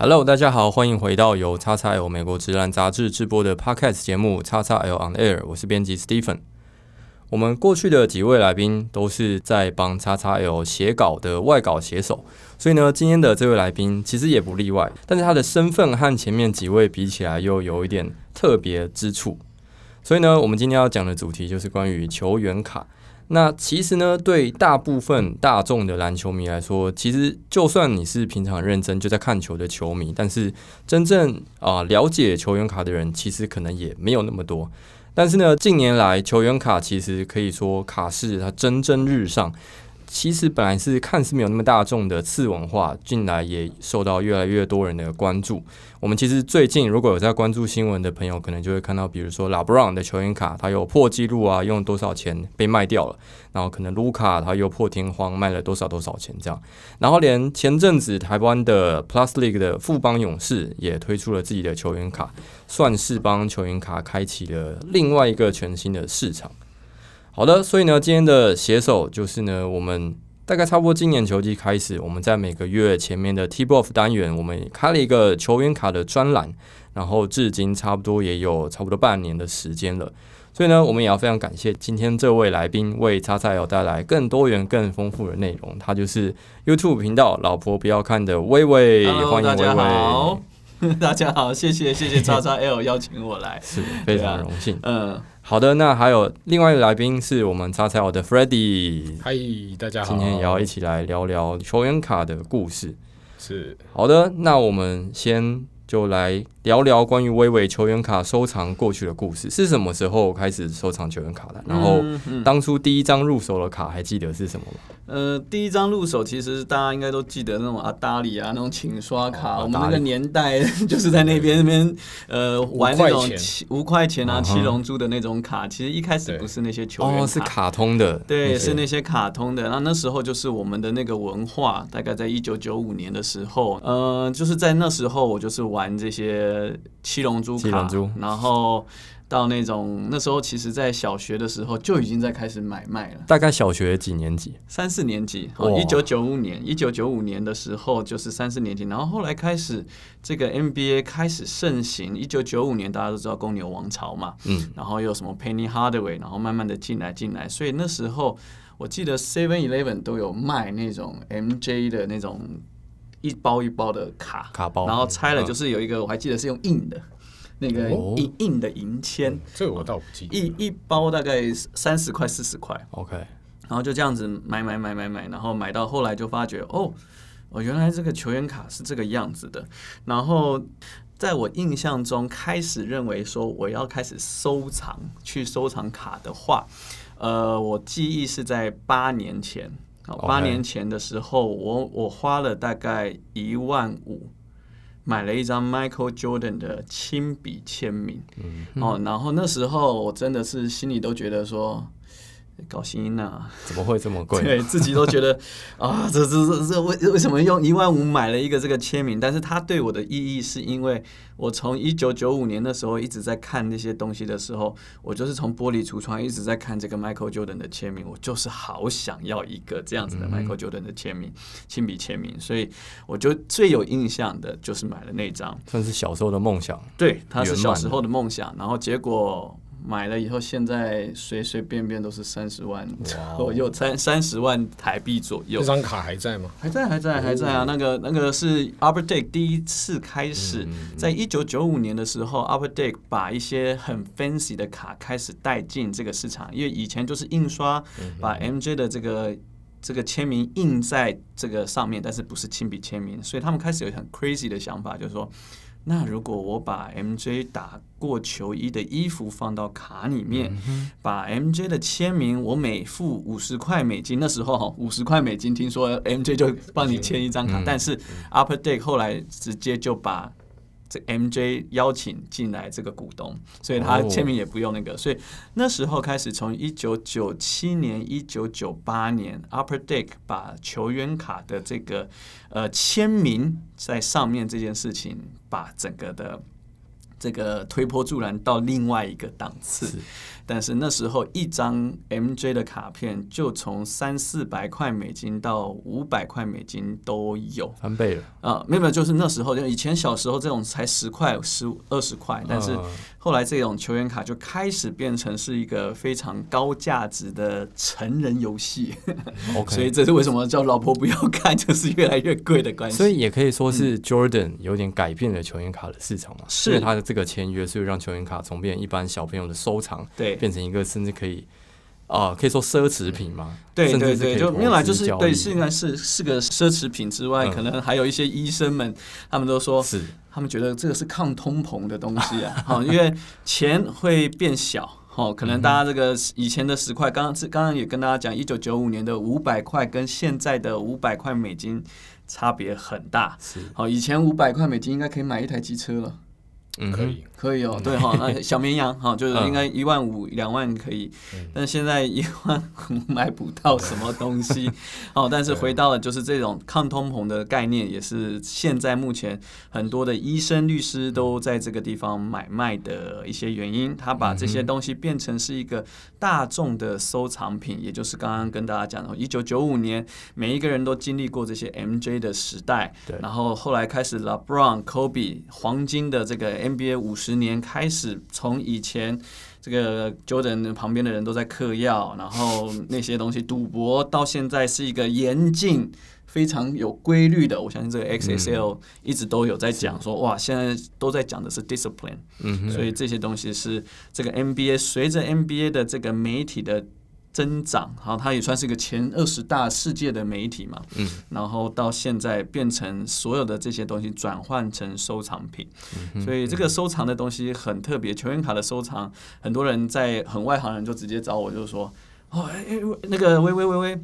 Hello，大家好，歡迎回到由《XXL》美國直男雜誌制播的 Podcast 節目《XXL on Air》，我是編輯 Stephen。我們過去的幾位來賓都是在幫《XXL》寫稿的外稿寫手，所以呢，今天的這位來賓其實也不例外，但是他的身份和前面幾位比起來又有一點特別之處。所以呢，我們今天要講的主題就是關於球員卡。那其實呢，對大部分大眾的籃球迷來說，其實就算你是平常認真就在看球的球迷，但是真正啊、呃、了解球員卡的人，其實可能也沒有那麼多。但是呢，近年來球員卡其實可以說卡市它蒸蒸日上。其實本來是看似沒有那麼大眾的次文化，近來也受到越來越多人的關注。我們其實最近如果有在關注新聞的朋友，可能就會看到，比如說拉布朗的球員卡，他有破紀錄啊，用多少錢被賣掉了。然後可能盧卡他又破天荒賣了多少多少錢這樣。然後連前陣子台灣的 Plus League 的富邦勇士也推出了自己的球員卡，算是幫球員卡開啟了另外一個全新的市場。好的，所以呢，今天的寫手就是呢，我們大概差不多今年球季開始，我們在每個月前面的 TBOF 單元，我們開了一個球員卡的專欄，然後至今差不多也有差不多半年的時間了。所以呢，我們也要非常感謝今天這位來賓為 XXL 帶來更多元、更豐富的內容。他就是 YouTube 頻道“老婆不要看”的薇薇，Hello, 歡迎薇薇。 大家好，謝謝謝謝叉叉 L 邀請我來， 是非常榮幸。 嗯，好的，那還有另外一位來賓是我們叉叉 L 的 Freddie，嗨，Hi, 大家好，今天也要一起來聊聊球員卡的故事。是，好的，那我們先就來聊聊關於微微球員卡收藏過去的故事。是什麼時候開始收藏球員卡的？然後當初第一張入手的卡，還記得是什麼嗎？呃，第一張入手，其實大家應該都記得那種阿達利啊，那種請刷卡，啊、我們那個年代 就是在那邊那邊，對呃，玩那種七五塊錢啊，啊哈七龍珠的那種卡，其實一開始不是那些球員，哦，是卡通的，對，是，是那些卡通的。那那時候就是我們的那個文化，大概在一九九五年的時候，呃，就是在那時候我就是玩這些七龍珠卡，七龍珠然後。到那種那時候，其實，在小學的時候就已經在開始買賣了。大概小學幾年級？三四年級。哦，一九九五年，一九九五年的時候就是三四年級。然後後來開始這個 NBA 開始盛行。一九九五年大家都知道公牛王朝嘛，嗯，然後又有什麼 Penny Hardaway，然後慢慢的進來進來。所以那時候我記得 Seven Eleven 都有賣那種 MJ 的那種一包一包的卡卡包，然後拆了就是有一個，我還記得是用印的。嗯那個硬硬的銀簽，哦嗯，這個我倒不記得。一一包大概三十塊四十塊，OK。然後就這樣子買買買買買，然後買到後來就發覺，哦，我，原來這個球員卡是這個樣子的。然後在我印象中，開始認為說我要開始收藏，去收藏卡的話，呃，我記憶是在八年前，八 Okay. 年前的時候我，我我花了大概一萬五。買了一張 Michael Jordan 的親筆簽名，嗯、哦，然後那時候我真的是心裡都覺得說。搞新音呢？怎麼會這麼貴、啊？對自己都覺得啊、 哦，這這這這為為什麼用一萬五買了一個這個簽名？但是它對我的意義，是因為我從一九九五年的時候一直在看那些東西的時候，我就是從玻璃櫥窗一直在看這個 Michael Jordan 的簽名，我就是好想要一個這樣子的 Michael Jordan 的簽名，嗯、哼親筆簽名。所以，我就最有印象的就是買了那張，算是小時候的夢想。對，它是小時候的夢想，然後結果。買了以後，現在隨隨便便都是三十萬，有 Wow, 三三十萬台幣左右。這張卡還在嗎？還在，還在，還在啊！Mm hmm. 那個，那個是 Upper Deck 第一次開始，mm hmm. 在一九九五年的時候，Upper Deck 把一些很 fancy 的卡開始帶進這個市場，因為以前就是印刷，把 MJ 的這個這個簽名印在這個上面，mm hmm. 但是不是親筆簽名，所以他們開始有一個很 crazy 的想法，就是說。那如果我把 MJ 打過球衣的衣服放到卡裡面，嗯、哼把 MJ 的簽名，我每付五十塊美金。那時候哦，五十塊美金，聽說 MJ 就幫你簽一張卡。嗯、但是 Upper Deck 後來直接就把這 MJ 邀請進來這個股東，所以他簽名也不用那個。哦、所以那時候開始，從一九九七年、一九九八年，Upper Deck 把球員卡的這個呃簽名在上面這件事情，把整個的。這個推波助瀾到另外一個檔次，是，但是那時候一張 MJ 的卡片就從三四百塊美金到五百塊美金都有，翻倍了啊！沒有沒有，就是那時候就以前小時候這種才十塊、十五、二十塊，但是後來這種球員卡就開始變成是一個非常高價值的成人遊戲， Okay 所以這是為什麼叫老婆不要看，就是越來越貴的關係。所以也可以說是 Jordan、嗯、有點改變了球員卡的市場嘛，是他的。這個簽約，所以讓球員卡從變一般小朋友的收藏，對，變成一個甚至可以啊、呃，可以說奢侈品嗎？對,對對對，就用來就是對，是應該是是個奢侈品之外，嗯、可能還有一些醫生們，他們都說，是，他們覺得這個是抗通膨的東西啊，好、 哦，因為錢會變小，好、哦，可能大家這個以前的十塊，剛是剛剛也跟大家講，一九九五年的五百塊跟現在的五百塊美金差別很大，是，好、哦，以前五百塊美金應該可以買一台機車了。嗯，可以，可以哦，嗯、對哈、哦，那小綿羊哈， 就是應該一萬五兩萬可以，嗯、但現在一萬五買不到什麼東西，哦對，但是回到了就是這種抗通膨的概念，也是現在目前很多的醫生律師都在這個地方買賣的一些原因，他把這些東西變成是一個大眾的收藏品，嗯、哼也就是剛剛跟大家講的，一九九五年每一個人都經歷過這些 MJ 的時代，對然後後來開始了 LeBron Kobe 黃金的這個、M。NBA 五十年開始，從以前這個 Jordan 旁邊的人都在嗑藥，然後那些東西賭博，到現在是一個嚴禁、非常有規律的。我相信這個 XXL 一直都有在講說，嗯、哇，現在都在講的是 discipline、嗯哼。嗯，所以這些東西是這個 NBA 隨着 NBA 的這個媒體的。增長，然後它也算是一個前二十大世界的媒體嘛，嗯、然後到現在變成所有的這些東西轉換成收藏品，嗯、哼所以這個收藏的東西很特別，球員卡的收藏，很多人在很外行人就直接找我，就說，哦，欸欸、那個餵餵餵餵。餵餵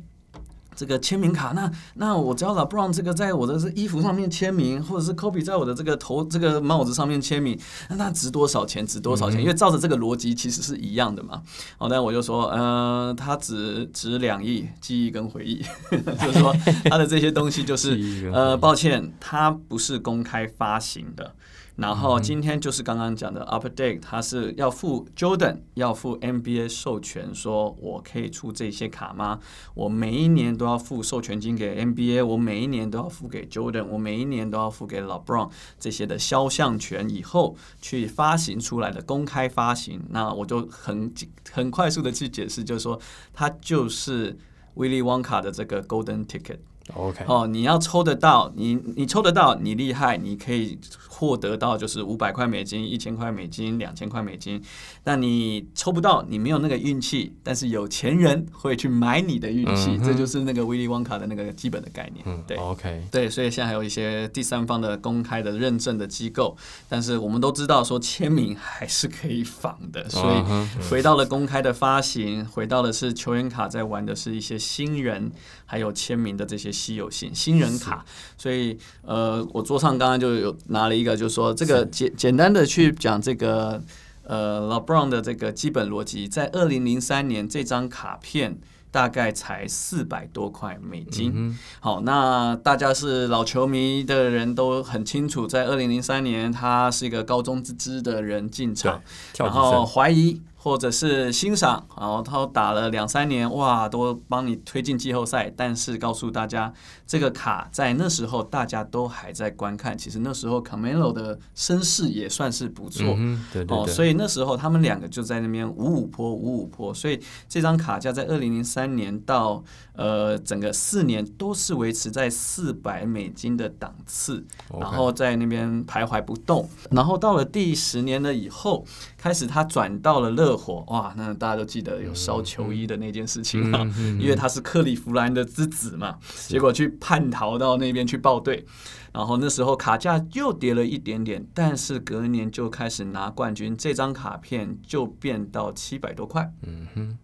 這個簽名卡，那那我只要 LeBron，這個在我的衣服上面簽名，或者是 kobe 在我的這個頭這個帽子上面簽名，那他值多少錢？值多少錢？嗯、因為照着這個邏輯，其實是一樣的嘛。好，那我就說，嗯、呃，它值值兩億記憶跟回憶， 就是說它的這些東西就是， 呃，抱歉，它不是公開發行的。然後今天就是剛剛講的 update，它是要付 Jordan 要付 NBA 授權，說我可以出這些卡嗎？我每一年都要付授權金給 NBA，我每一年都要付給 Jordan，我每一年都要付給 LeBron 這些的肖像權，以後去發行出來的公開發行，那我就很很快速的去解釋，就是說它就是威利旺卡的這個 Golden Ticket。OK 哦，你要抽得到，你你抽得到，你厲害，你可以獲得到就是五百塊美金、一千塊美金、兩千塊美金。但你抽不到，你沒有那個運氣。但是有錢人會去買你的運氣，嗯哼。這就是那個威利旺卡的那個基本的概念。對。嗯，OK。對，所以現在還有一些第三方的公開的認證的機構，但是我們都知道說，簽名還是可以仿的，所以回到了公開的發行，回到的是球員卡在玩的是一些新人還有簽名的這些。稀有性、新人卡，是所以呃，我桌上剛剛就有拿了一個，就是說這個簡是簡單的去講這個呃，LeBron 的這個基本邏輯，在二零零三年這張卡片大概才四百多塊美金。嗯、哼好，那大家是老球迷的人都很清楚，在二零零三年他是一個高中資質的人進場，然後懷疑。或者是欣賞，然後他打了兩三年，哇，都幫你推進季後賽。但是告訴大家，這個卡在那時候大家都還在觀看，其實那時候卡梅羅的聲勢也算是不錯，嗯、對對對哦，所以那時候他們兩個就在那邊五五波五五波。所以這張卡價在二零零三年到呃整個四年都是維持在四百美金的檔次，Okay. 然後在那邊徘徊不動。然後到了第十年了以後，開始他轉到了樂。火哇！那大家都記得有燒球衣的那件事情嘛？嗯嗯嗯嗯、因為他是克利夫蘭的之子嘛，的結果去叛逃到那邊去報隊，然後那時候卡價又跌了一點點，但是隔年就開始拿冠軍，這張卡片就變到七百多塊、嗯。嗯哼，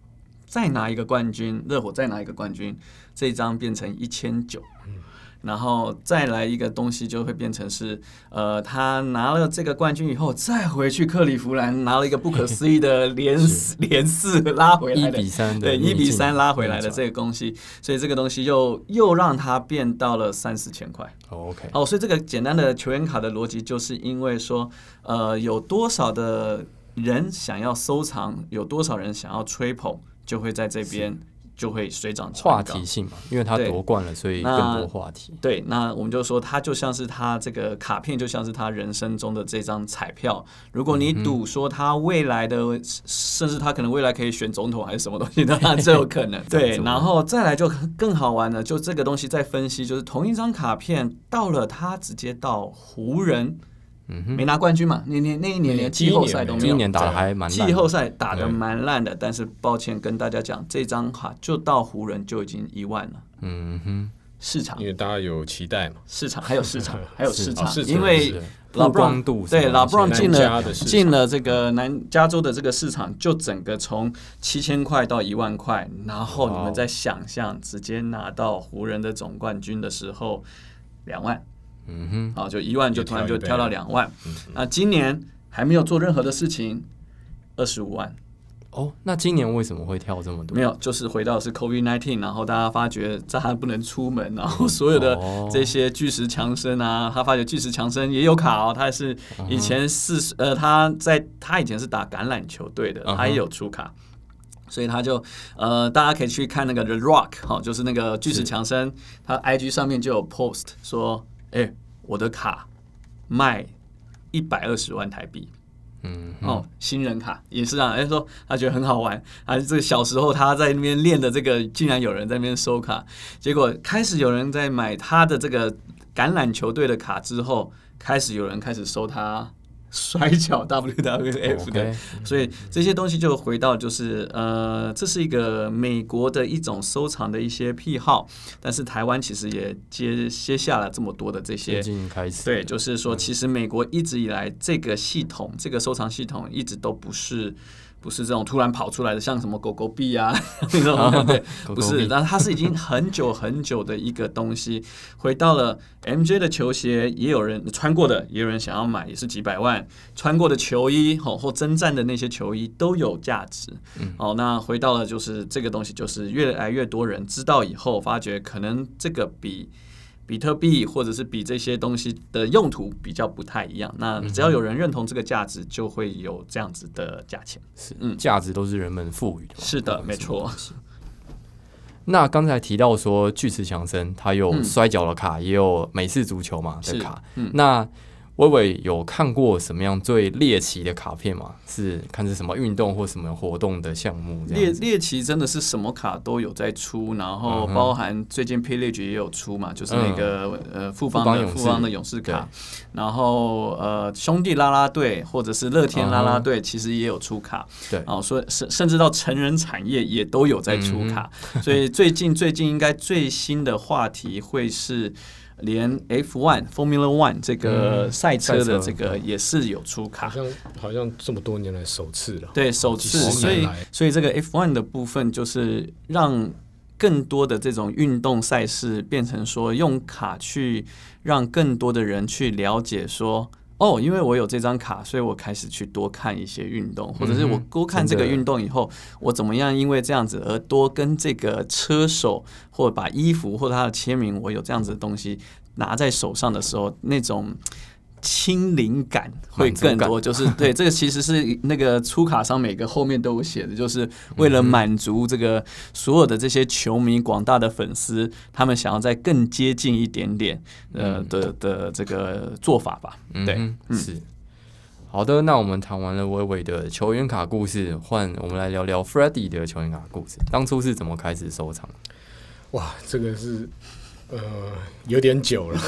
再拿一個冠軍，熱火再拿一個冠軍，這張變成一千九。然後再來一個東西，就會變成是，呃，他拿了這個冠軍以後，再回去克里夫蘭拿了一個不可思議的連四 是連四拉回來的，一比三對一比三拉回來的這個東西，所以這個東西又又讓他變到了三四千塊。哦，oh,，OK，哦，所以這個簡單的球員卡的邏輯，就是因為說，呃，有多少的人想要收藏，有多少人想要吹捧，就會在這邊。就會水漲船高，話題性嘛，因為他奪冠了，對所以更多話題。對，那我們就說，他就像是他這個卡片，就像是他人生中的這張彩票。如果你賭說他未來的，嗯、哼甚至他可能未來可以選總統還是什麼東西的話，那這有可能。嘿嘿對，然後再來就更好玩了，就這個東西再分析，就是同一張卡片到了他直接到湖人。嗯哼，沒拿冠軍嘛？那那那一年連季後賽都沒有。今年打得還蠻爛。季後賽打得蠻爛的，對但是抱歉跟大家講，這張卡就到湖人就已經一萬了。嗯哼，市場。因為大家有期待嘛。市場還有市場，還有市場，的因為勒布朗對勒布朗進了進了這個南加州的這個市場，就整個從七千塊到一萬塊，然後你們再想象好直接拿到湖人的總冠軍的時候，兩萬。嗯哼，啊，就一萬就突然就跳到兩萬。嗯、那今年還沒有做任何的事情，二十五萬。哦，那今年為什麼會跳這麼多？沒有，就是回到是 COVID nineteen，然後大家發覺大家不能出門，然後所有的這些巨石強森啊，哦、他發覺巨石強森也有卡哦，他是以前四十，嗯、哼呃他在他以前是打橄欖球隊的，嗯、哼他也有出卡，所以他就呃大家可以去看那個 The Rock 好，就是那個巨石強森，是他 IG 上面就有 post 說。哎、欸，我的卡賣一百二十萬台幣，嗯哼，哦，新人卡也是啊，哎、欸，說他覺得很好玩，他這個小時候他在那邊練的這個，竟然有人在那邊收卡，結果開始有人在買他的這個橄欖球隊的卡之後，開始有人開始收他。摔角 W W F 的，所以這些東西就回到就是呃，這是一個美國的一種收藏的一些癖好，但是台灣其實也接接下了這麼多的這些。對，就是說，其實美國一直以來這個系統，這個收藏系統一直都不是。不是這種突然跑出來的，像什麼狗狗幣啊那種， oh, 對，狗狗幣，不是，那它是已經很久很久的一個東西。 回到了 MJ 的球鞋，也有人穿過的，也有人想要買，也是幾百萬。穿過的球衣，吼、哦、或征戰的那些球衣都有價值。好、嗯哦，那回到了就是這個東西，就是越來越多人知道以後，發覺可能這個比。比特幣或者是比這些東西的用途比較不太一樣，那只要有人認同這個價值，嗯、哼就會有這樣子的價錢。是，嗯，價值都是人們賦予的。是的，沒，沒錯。是那剛才提到說巨，巨石強森他有摔跤的卡，嗯、也有美式足球嘛的卡。是嗯、那微微有看過什麼樣最獵奇的卡片嗎？是看是什麼運動或什麼活動的項目？獵獵奇真的是什麼卡都有在出，然後包含最近 P. LEAGUE+ 也有出嘛，嗯、就是那個呃富邦的富邦、邦的勇士卡，對然後呃兄弟拉拉隊或者是樂天拉拉隊其實也有出卡，嗯、對啊，所以甚甚至到成人產業也都有在出卡，嗯、 所以最近最近應該最新的話題會是。連 F One Formula One 這個賽車的這個也是有出卡，好像好像這麼多年來首次了，對，首次，所以所以這個 F One 的部分就是讓更多的這種運動賽事變成說用卡去讓更多的人去了解說。哦，因為我有這張卡，所以我開始去多看一些運動，或者是我多看這個運動以後，嗯、我怎麼樣？因為這樣子而多跟這個車手，或把衣服或他的簽名，我有這樣子的東西拿在手上的時候，那種。親臨感會更多，就是對這個其實是那個出卡商每個後面都有寫的，就是為了滿足這個所有的這些球迷廣大的粉絲，他們想要再更接近一點點，呃的的這個做法吧。對、嗯，是好的。那我們談完了 WeiWei 的球員卡故事，換我們來聊聊 Freddie 的球員卡故事。當初是怎麼開始收藏？哇，這個是呃有點久了。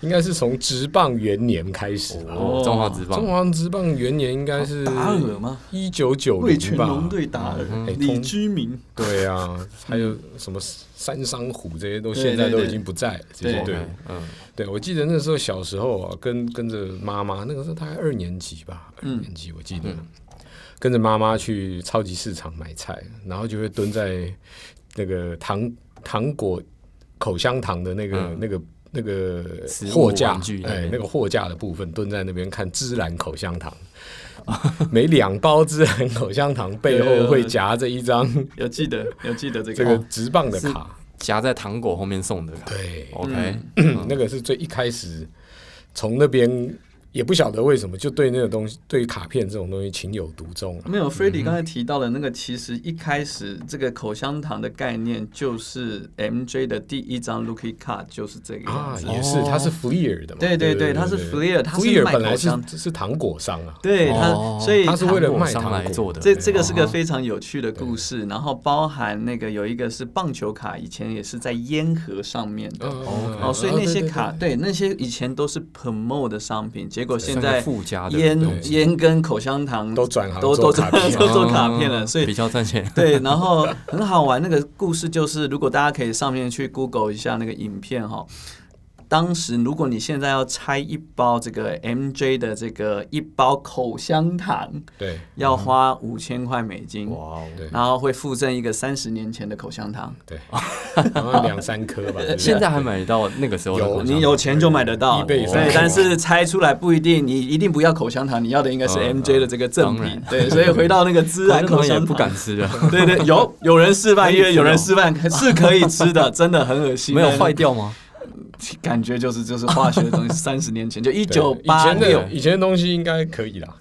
應該是從職棒元年開始哦，中華職棒。中華職棒元年應該是達爾嗎？一九九零吧。味全龍對李居明，對啊，還有什麼三商虎這些都現在都已經不在這些，對。嗯，對我記得那時候小時候跟跟着媽媽，那個時候大概二年級吧，二年級我記得跟着媽媽去超級市場買菜，然後就會蹲在那個糖糖果、口香糖的那個那個。那個貨架，哎，那個貨架的部分，蹲在那邊看芝蘭口香糖， 每兩包芝蘭口香糖背後會夾着一張，要記得，要記得這個這個職棒的卡，夾在糖果後面送的卡，對，OK，那個是最一開始從那邊。也不曉得為什麼，就對那個東西，對卡片這種東西情有獨鍾、啊。沒有 Freddie 剛才提到的那個，嗯、其實一開始這個口香糖的概念就是 MJ 的第一張 Lucky Card，就是這個樣子、啊。也是，它是 Fleer 的嘛。對，對對對，它是 Fleer，它是賣口香糖。是 Fleer 本來是是糖果商啊，對它，所以它是為了賣糖商來做的。對這這個是個非常有趣的故事，對然後包含那個有一個是棒球卡，以前也是在煙盒上面的。Okay, 哦，所以那些卡，對，對，對，對，對那些以前都是 Promo 的商品，結如果現在煙煙跟口香糖都轉行，都都做 都做卡片了，所以比較賺錢。對。然後很好玩 那個故事就是，如果大家可以上面去 Google 一下那個影片哈。當時如果你現在要拆一包這個 M J 的這個一包口香糖，對，要花五千塊美金，哇哦，對，然後會附贈一個三十年前的口香糖，對，兩三顆吧。現在還買得到，那個時候有，你有錢就買得到。對，所以但是拆出來不一定，你一定不要口香糖，你要的應該是 M J 的這個贈品。對，所以回到那個自然口香糖不敢吃啊。對，有有人示範，因為有人示範是可以吃的，真的很噁心。沒有壞掉嗎？感覺就是就是化學的東西，三十年前就一九八六，以前的東西應該可以啦，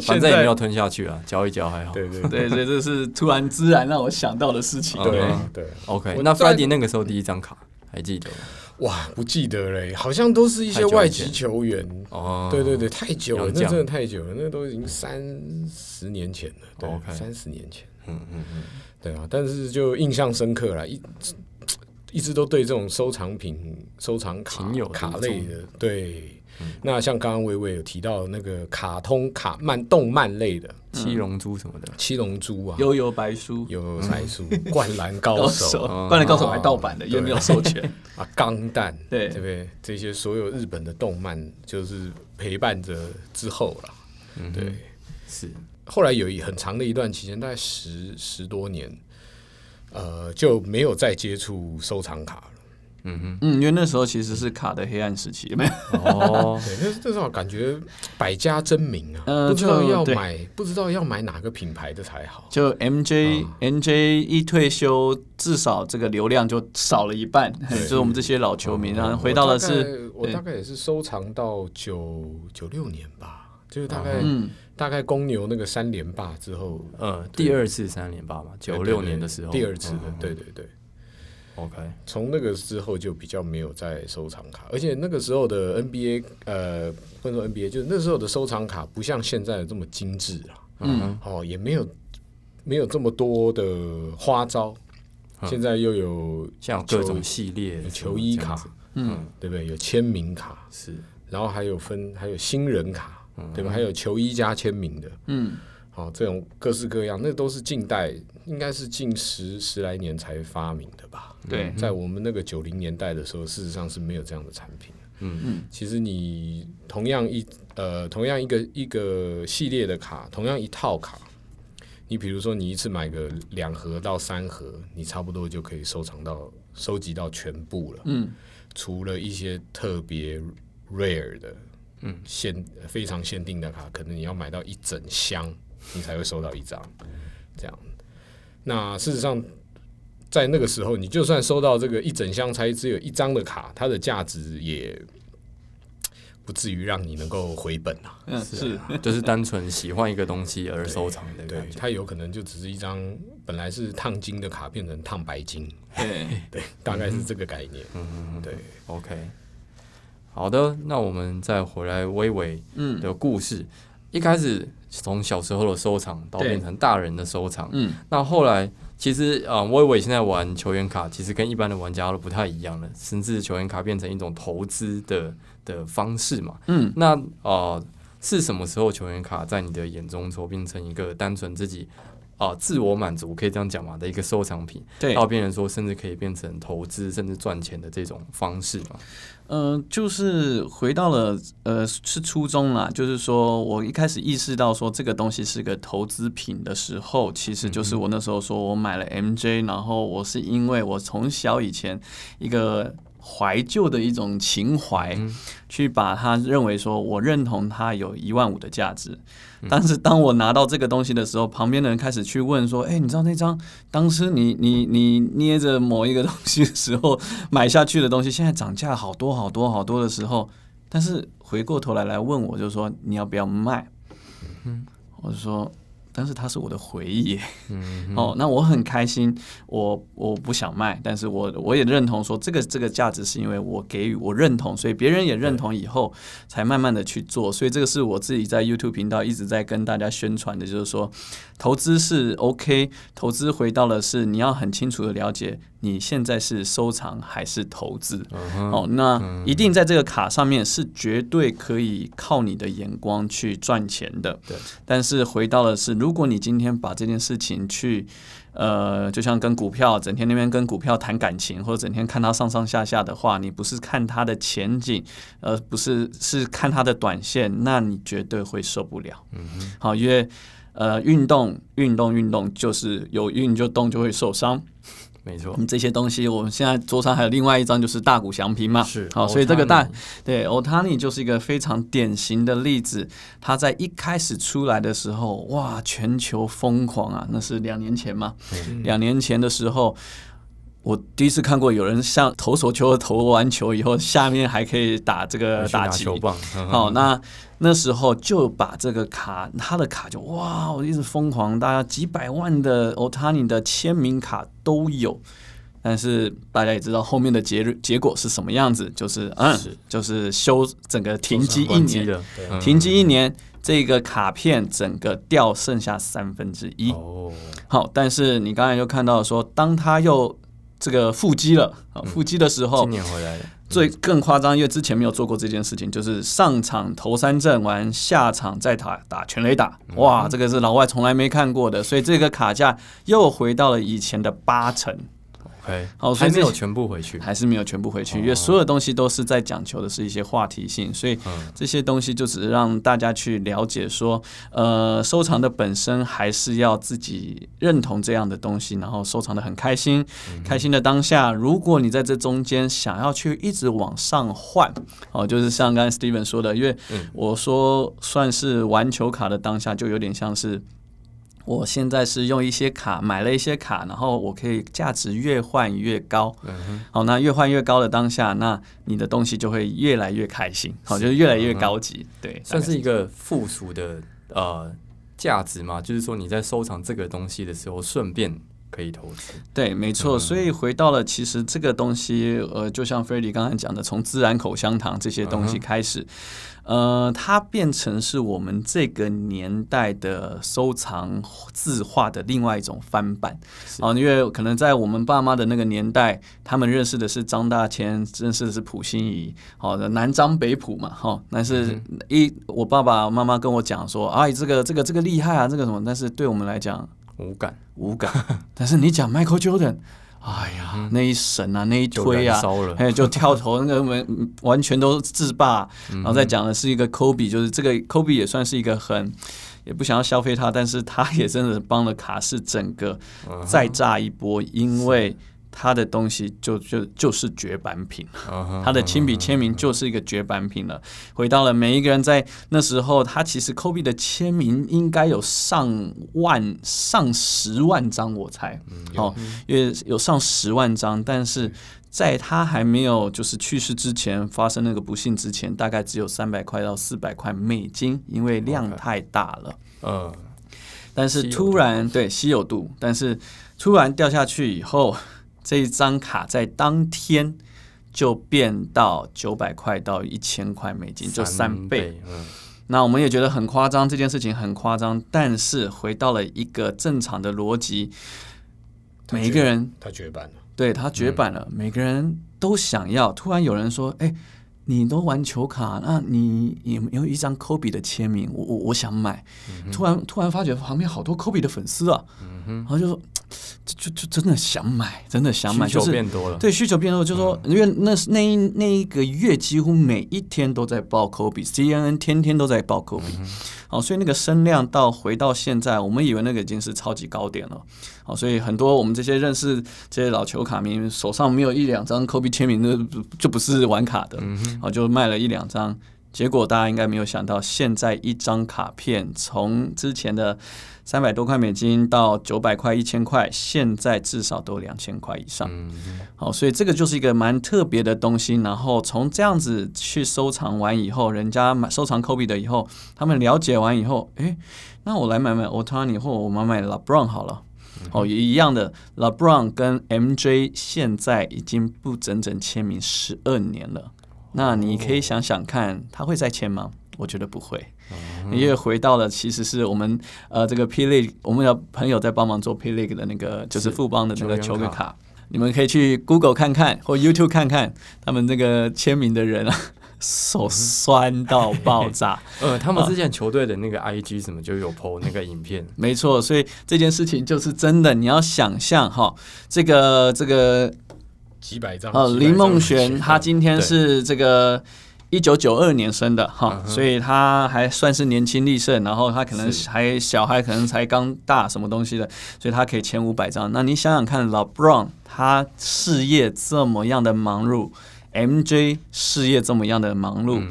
反正也沒有吞下去啊，嚼一嚼還好。對對對，這是突然自然讓我想到的事情。對對，OK。那 Freddie 那個時候第一張卡還記得嗎？哇，不記得嘞，好像都是一些外籍球員。哦，對對對，太久了，那真的太久了，那都已經三十年前了。OK，三十年前，嗯嗯嗯，對啊，但是就印象深刻了，一。一直都對這種收藏品、收藏卡卡類的，對。那像剛剛微微有提到那個卡通卡、漫動漫類的，《七龍珠》什麼的，《七龍珠》啊，《悠悠白書》、《悠悠白書》、《灌籃高手》、《灌籃高手》還盜版的，因為沒有授權啊，《鋼彈》對不對？這些所有日本的動漫，就是陪伴着之後了。對，是。後來有一很長的一段期間，大概十十多年。呃，就沒有再接觸收藏卡了。嗯嗯嗯，因為那時候其實是卡的黑暗時期，沒有。哦，對，那時候感覺百家爭鳴啊，不知道要買，不知道要買哪個品牌的才好。就 M J M J 一退休，至少這個流量就少了一半，就我們這些老球迷啊，回到了是。我大概也是收藏到九九六年吧，就大概大概公牛那個三連霸之後，呃，第二次三連霸嘛，九六年的時候，第二次的，對對對，OK。從那個之後就比較沒有再收藏卡，而且那個時候的 NBA，呃，不能說 NBA，就是那時候的收藏卡不像現在的這麼精緻啊，嗯，哦，也沒有沒有這麼多的花招。現在又有像各種系列球衣卡，嗯，對不對？有簽名卡是，然後還有分，還有新人卡。嗯、對吧？還有球衣加簽名的，嗯，好、啊，這種各式各樣，那都是近代，應該是近十十來年才發明的吧？對，嗯、在我們那個九零年代的時候，事實上是沒有這樣的產品。嗯嗯，嗯其實你同樣一呃，同樣一個一個系列的卡，同樣一套卡，你比如說你一次買個兩盒到三盒，你差不多就可以收藏到收集到全部了。嗯，除了一些特別 rare 的。嗯，限非常限定的卡，可能你要買到一整箱，你才會收到一張。嗯、這樣，那事實上，在那個時候，你就算收到這個一整箱才只有一張的卡，它的價值也不至於讓你能夠回本啊。是，啊、是 就是單純喜歡一個東西而收藏的，對，它對對有可能就只是一張本來是燙金的卡變成燙白金，嘿對，大概是這個概念。嘿對嗯，嗯嗯嗯，對，OK。好的，那我們再回來威威的故事。嗯、一開始從小時候的收藏，到變成大人的收藏。嗯，那後來其實啊，呃、威威現在玩球員卡，其實跟一般的玩家都不太一樣了，甚至球員卡變成一種投資的的方式嘛。嗯，那啊、呃，是什麼時候球員卡在你的眼中，就變成一個單純自己啊、呃、自我滿足，可以這樣講嘛的一個收藏品，對到變成說甚至可以變成投資，甚至賺錢的這種方式嘛？嗯、呃，就是回到了呃，是初衷啦。就是說我一開始意識到說這個東西是個投資品的時候，其實就是我那時候說我買了 MJ，然後我是因為我從小以前一個。懷舊的一種情懷，去把他認為說，我認同它有一萬五的價值。但是當我拿到這個東西的時候，旁邊的人開始去問說：“哎、欸，你知道那張當時你你你捏着某一個東西的時候買下去的東西，現在漲價好多好多好多的時候。”但是回過頭來來問我，就說你要不要賣？我就說。但是它是我的回憶嗯哼，嗯，哦，那我很開心，我我不想賣，但是我我也認同說這個這個價值是因為我給予我認同，所以別人也認同以後才慢慢的去做，對所以這個是我自己在 YouTube 頻道一直在跟大家宣傳的，就是說投資是 OK，投資回到了是你要很清楚的了解。你現在是收藏還是投資？Uh-huh, 哦,那一定在這個卡上面是絕對可以靠你的眼光去賺錢的。對，Uh-huh. 但是回到的是，如果你今天把這件事情去，呃，就像跟股票，整天那邊跟股票談感情，或者整天看它上上下下的話，你不是看它的前景，而、呃、不是是看它的短線，那你絕對會受不了。Uh-huh. 好，因為呃，運動，運動，運動，就是有運就動就會受傷。 沒錯、嗯，這些東西，我們現在桌上還有另外一張，就是大谷翔平嘛。是，好，哦、所以這個大對，歐塔尼就是一個非常典型的例子。它在一開始出來的時候，哇，全球瘋狂啊，那是兩年前嘛。嗯、兩年前的時候，我第一次看過有人像投手球投完球以後，下面還可以打這個打擊棒。呵呵好，那。那時候就把這個卡，他的卡就哇，我一直瘋狂，大家幾百萬的歐塔尼的簽名卡都有，但是大家也知道後面的結結果是什麼樣子，就是，是嗯，就是修整個停機一年，停機一年，這個卡片整個掉剩下三分之一。哦，好，但是你剛才就看到說，當他又。這個腹肌了啊！腹肌的時候，今年回來的最更誇張，因為之前沒有做過這件事情，就是上場投三振完，下場再打打全壘打，哇，這個是老外從來沒看過的，所以這個卡價又回到了以前的八成。Okay, 好，所以還沒有全部回去，還是沒有全部回去，因為所有的東西都是在講求的是一些話題性，哦、所以這些東西就只是讓大家去了解，說，嗯、呃，收藏的本身還是要自己認同這樣的東西，然後收藏得很開心，嗯、哼開心的當下，如果你在這中間想要去一直往上換，哦，就是像剛才 Steven 說的，因為我說算是玩球卡的當下，就有點像是。我現在是用一些卡買了一些卡，然後我可以價值越換越高。嗯、哼好，那越換越高的當下，那你的東西就會越來越開心。的好，就是越來越高級，嗯、哼對，算是一個附屬的呃價值嘛。就是說你在收藏這個東西的時候，順便可以投資。對，沒錯。嗯、哼所以回到了，其實這個東西，呃，就像 Freddie 剛才講的，從自然口香糖這些東西開始。嗯呃，它變成是我們這個年代的收藏字畫的另外一種翻版啊，是因為可能在我們爸媽的那個年代，他們認識的是張大千，認識的是溥心畬，好的南張北溥嘛，哈，那是、嗯、哼一我爸爸媽媽跟我講說，哎，這個這個這個厲害啊，這個什麼，但是對我們來講無感無感，無感 但是你講 Michael Jordan。哎呀，那一神啊，那一推啊，還有就，就跳投，那個們完全都制霸。 然後再講的是一個 Kobe，就是這個 Kobe 也算是一個很，也不想要消費他，但是他也真的幫了卡斯整個再炸一波，uh huh. 因為。他的東西就就就是絕版品，uh、huh, 他的親筆簽名就是一個絕版品了。回到了每一個人在那時候，他其實 Kobe 的簽名應該有上萬、上十萬張，我猜，uh huh. 哦，uh huh. 因為有上十萬張。但是在他還沒有就是去世之前，uh huh. 發生那個不幸之前，大概只有三百塊到四百塊美金，因為量太大了。嗯、uh，huh. 但是突然、uh huh. 對，稀有度，但是突然掉下去以後。這一張卡在當天就變到九百塊到一千塊美金，三倍就三倍。嗯、那我們也覺得很誇張，這件事情很誇張。但是回到了一個正常的邏輯，他絕每一個人他絕版了，對他絕版了，嗯、每個人都想要。突然有人說：“哎、欸。”你都玩球卡，那你有沒有一張科比的簽名？我我我想買，嗯、哼突然突然發覺旁邊好多科比的粉絲啊，嗯、哼然後就說，就就，就真的想買，真的想買，就需求變多了。就是，對需求變多了，就說、嗯、因為那那一那一個月幾乎每一天都在報科比，CNN 天天都在報科比，嗯、哼好，所以那個聲量到回到現在，我們以為那個已經是超級高點了。好，所以很多我們這些認識這些老球卡迷手上沒有一兩張 Kobe 簽名的，就不是玩卡的。哦，就賣了一兩張，結果大家應該沒有想到，現在一張卡片從之前的三百多塊美金到九百塊、一千塊，現在至少都兩千塊以上。好，所以這個就是一個蠻特別的東西。然後從這樣子去收藏完以後，人家買收藏 Kobe 的以後，他們了解完以後，誒、欸，那我來買買 Otani 或我們買 LeBron 好了。哦，也一樣的，LeBron 跟 MJ 現在已經不整整簽名十二年了。哦、那你可以想想看，他會再簽嗎？我覺得不會，嗯、哼因為回到了其實是我們呃這個 P League, 我們有朋友在幫忙做 P League 的那個，是就是富邦的那個球卡，卡你們可以去 Google 看看或 YouTube 看看他們那個簽名的人啊。手酸到爆炸，嗯、哼 呃，他們之前球隊的那個 I G 怎麼就有 po 那個影片，嗯。沒錯，所以這件事情就是真的。你要想象哈，這個這個幾百張呃，啊、張林夢璇他今天是這個一九九二年生的哈，嗯，所以他還算是年輕力盛，然後他可能還是小孩，可能才剛大什麼東西的，所以他可以簽五百張。那你想想看 LeBron 他事業這麼樣的忙碌。MJ 事業這麼樣的忙碌，嗯，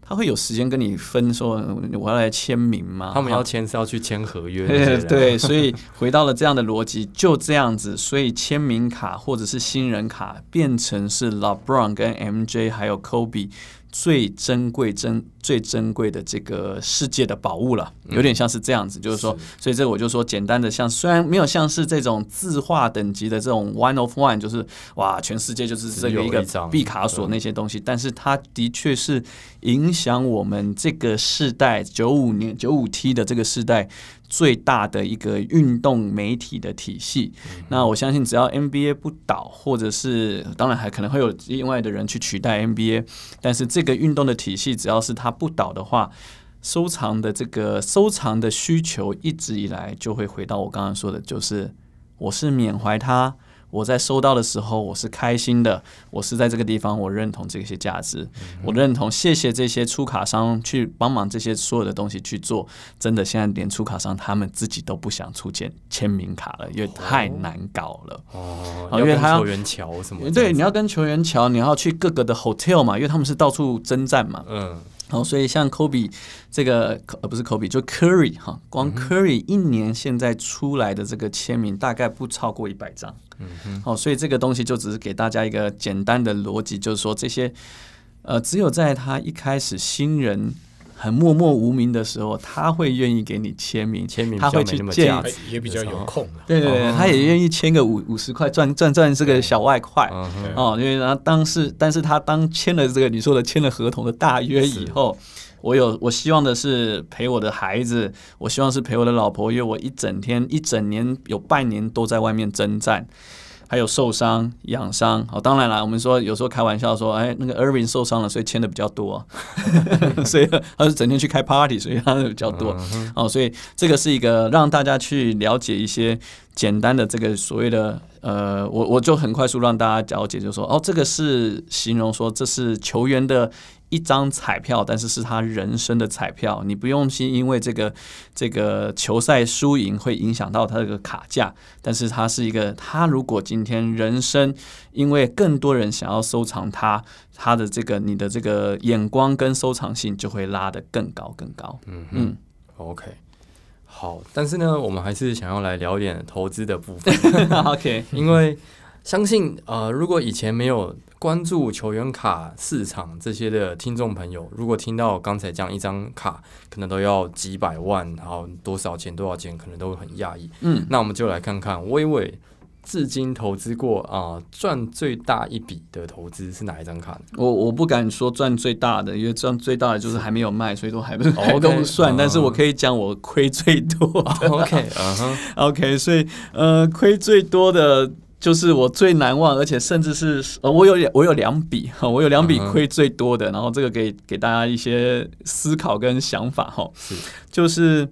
他會有時間跟你分說我要來簽名嗎？他們要簽是要去簽合約，對對，所以回到了這樣的邏輯，就這樣子。所以簽名卡或者是新人卡變成是 LeBron 跟 MJ 還有 Kobe。最珍貴、珍最珍貴的這個世界的寶物了，有點像是這樣子，嗯、就是說，是。所以這個我就說簡單的像，像雖然沒有像是這種字畫等級的這種 one of one，就是哇，全世界就是這個一個畢卡索那些東西，但是它的確是影響我們這個世代，九五年九五 T 的這個世代，最大的一個運動媒體的體系，那我相信只要 NBA 不倒，或者是當然還可能會有另外的人去取代 NBA，但是這個運動的體系只要是他不倒的話，收藏的這個收藏的需求一直以來就會回到我剛剛說的，就是我是緬懷他。我在收到的時候，我是開心的。我是在這個地方，我認同這些價值，嗯、哼我認同。謝謝這些出卡商去幫忙這些所有的東西去做。真的，現在連出卡商他們自己都不想出簽簽名卡了，因為太難搞了。哦，哦好你要跟球員橋什麼？對，你要跟球員橋，你要去各個的 hotel 嘛，因為他們是到處征戰嘛。嗯。好，所以像科比這個呃不是科比，就 Curry 哈，光 Curry 一年現在出來的這個簽名大概不超過一百張。嗯哼，好，所以這個東西就只是給大家一個簡單的邏輯，就是說這些呃，只有在他一開始新人。很默默無名的時候，他會願意給你簽名，簽名他會去見，也比較有空、啊。對，對對對，他也願意簽個五五十塊賺賺賺這個小外快。嗯、哦，對因為然後當時，但是他當簽了這個你說的簽了合同的大約以後，是我有我希望的是陪我的孩子，我希望是陪我的老婆，因為我一整天一整年有半年都在外面征戰。還有受傷養傷，好、哦，當然啦，我們說有時候開玩笑說，哎，那個 Irving 受傷了，所以簽的比較多， 所以他是整天去開 party，所以他有比較多。嗯、哼哦，所以這個是一個讓大家去了解一些簡單的這個所謂的，呃，我我就很快速讓大家了解，就說，哦，這個是形容說，這是球員的。一張彩票，但是是他人生的彩票，你不用去因為這個這個球賽輸贏會影響到他這個卡價，但是他是一個，他如果今天人生因為更多人想要收藏它，他的這個你的這個眼光跟收藏性就會拉得更高更高。嗯哼嗯，OK，好，但是呢，我們還是想要來聊點投資的部分。 OK，因為、嗯、哼相信呃，如果以前沒有。關注球員卡市場這些的聽眾朋友，如果聽到剛才講一張卡，可能都要幾百萬，然後多少錢多少錢，可能都會很訝異。嗯，那我們就來看看微微至今投資過啊，賺、呃、最大一筆的投資是哪一張卡？我我不敢說賺最大的，因為賺最大的就是還沒有賣，所以都還沒好好跟我算。Okay, uh huh. 但是我可以講我虧最多。OK，OK，所以呃，虧最多的。Okay, uh huh. okay, 就是我最難忘，而且甚至是呃，我有我有兩筆哈，我有兩筆虧最多的，嗯、哼然後這個給給大家一些思考跟想法哈、哦。是就是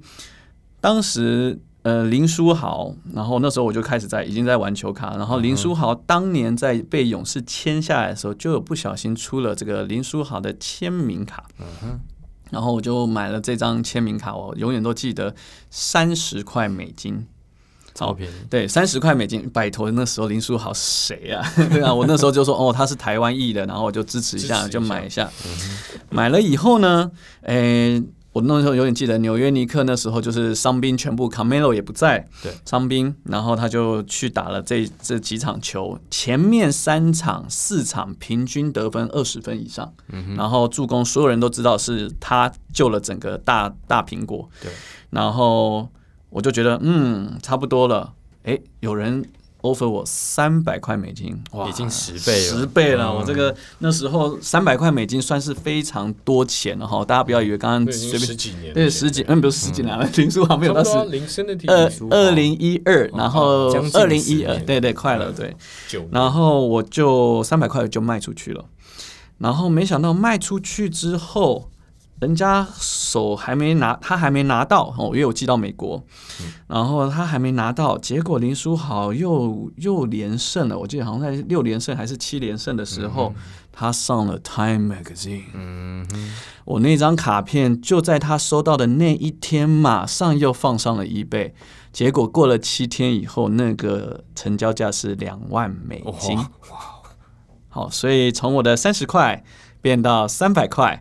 當時呃林書豪，然後那時候我就開始在已經在玩球卡，然後林書豪當年在被勇士簽下來的時候，就有不小心出了這個林書豪的簽名卡，嗯、哼然後我就買了這張簽名卡，我永遠都記得三十塊美金。超便宜，對，三十塊美金。拜托，那時候林書豪誰呀？對啊，我那時候就說， 哦，他是台灣裔的，然後我就支持一下，一下就買一下。 嗯、哼買了以後呢，誒、欸，我那時候有點記得，紐約尼克那時候就是傷兵全部，Camelo 也不在，對，傷兵，然後他就去打了這這幾場球，前面三場四場平均得分二十分以上，嗯、哼然後助攻，所有人都知道是他救了整個大大蘋果，對，然後。我就覺得，嗯，差不多了。誒，有人 offer 我三百塊美金，哇，已經十倍了，十倍了。我這個那時候三百塊美金算是非常多錢了哈。大家不要以為剛剛隨便，對，十幾年，十幾，嗯，不是十幾年了，聽說還沒有到十，二零一二，然後二零一二，對對，快了，對。然後我就三百塊就賣出去了，然後沒想到賣出去之後。人家手還沒拿，他還沒拿到哦，因為我寄到美國，嗯、然後他還沒拿到，結果林書豪又又連勝了。我記得好像在六連勝還是七連勝的時候，嗯、哼他上了《Time》Magazine。嗯哼我那張卡片就在他收到的那一天，馬上又放上了 eBay。結果過了七天以後，那個成交價是兩萬美金。哇，哇好，所以從我的三十塊變到三百塊。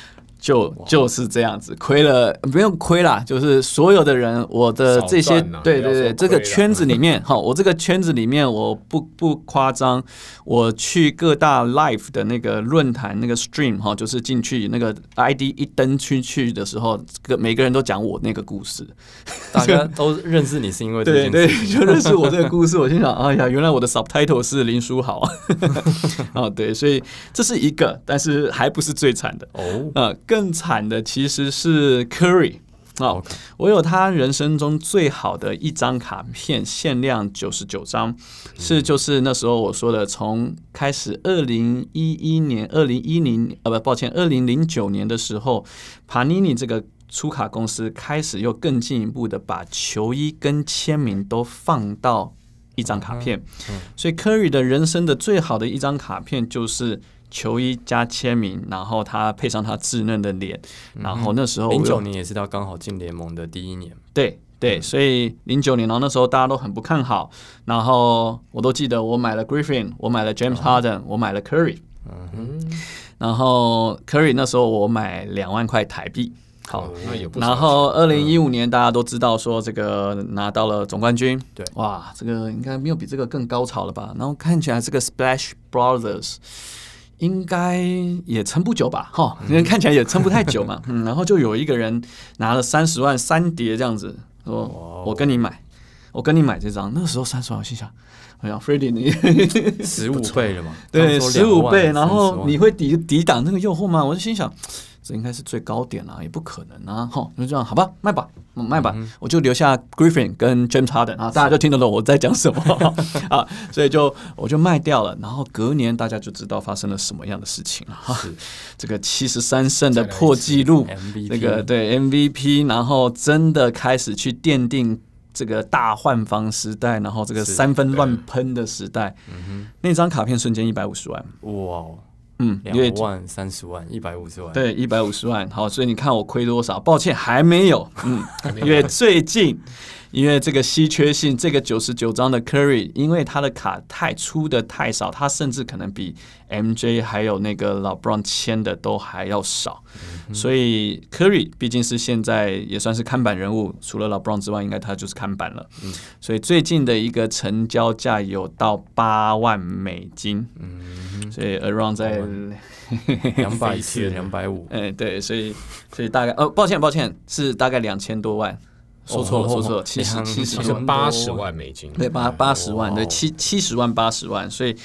就 Wow. 就是這樣子，虧了不用虧啦，就是所有的人，我的這些、啊、對對對，這個圈子裡面哈、 哦，我這個圈子裡面，我不不誇張，我去各大 live 的那個論壇那個 stream 哈、哦，就是進去那個 ID 一登出去的時候，個每個人都講我那個故事，大家都認識你是因為這件事 對對，就認識我這個故事， 我心想哎呀，原來我的 subtitle 是林書豪啊、 哦，對，所以這是一個，但是還不是最慘的哦啊。Oh. 嗯更慘的其實是 Curry 哦，oh, Okay. 我有他人生中最好的一張卡片，限量九十九張，是就是那時候我說的，從開始二零一一年，二零一零呃不，抱歉，二零零九年的時候，Panini 這個出卡公司開始又更進一步的把球衣跟簽名都放到一張卡片，Okay. 所以 Curry 的人生的最好的一張卡片就是。球衣加簽名，然後他配上他稚嫩的臉，嗯、哼然後那時候零九年也是他剛好進聯盟的第一年，對對，對嗯、所以零九年然後那時候大家都很不看好，然後我都記得我買了 Griffin，我買了 James Harden，、嗯、哼我買了 Curry，嗯哼，然後 Curry 那時候我買兩萬塊台幣，好，嗯、那也不然後二零一五年大家都知道說這個拿到了總冠軍，嗯、對，哇，這個應該沒有比這個更高潮了吧？然後看起來是個 Splash Brothers。應該也撐不久吧，哈，因為、嗯、看起來也撐不太久嘛、 嗯。然後就有一個人拿了三十萬三疊這樣子，說、哦、我跟你買，我跟你買這張。那個時候三十萬，我心想，哎呀，Freddie，你十五倍了嘛？ 對，十五倍。然後你會抵抵擋那個誘惑嗎？我就心想。應該是最高點啦，啊，也不可能啊，吼，就這樣好吧，賣吧，賣吧，嗯、哼我就留下 Griffin 跟 James Harden 啊，是，大家就聽得懂我在講什麼 啊，所以就我就賣掉了，然後隔年大家就知道發生了什麼樣的事情了是哈，這個七十三勝的破紀錄，這、那個對 MVP，然後真的開始去奠定這個大換防時代，然後這個三分亂噴的時代，嗯、那張卡片瞬間一百五十萬，哇。嗯，兩萬、三十萬、一百五十萬，對，一百五十萬。 好，所以你看我虧多少？抱歉，還沒有。嗯，因為 有最近。 因為這個稀缺性，這個九十九張的 Curry，因為他的卡太出的太少，他甚至可能比 MJ 還有那個 LeBron 簽的都還要少。嗯、哼所以 Curry 畢竟是現在也算是看板人物，除了 LeBron 之外，應該他就是看板了。嗯、所以最近的一個成交價有到八萬美金，嗯、哼所以 around 在兩百四、兩百五。哎、嗯，對，所以所以大概哦，抱歉抱歉，是大概兩千多萬。說錯了，oh, oh, oh, oh, 說錯了，其實其實是八十萬美金，對，八八十萬，對，七七十萬八十萬，所以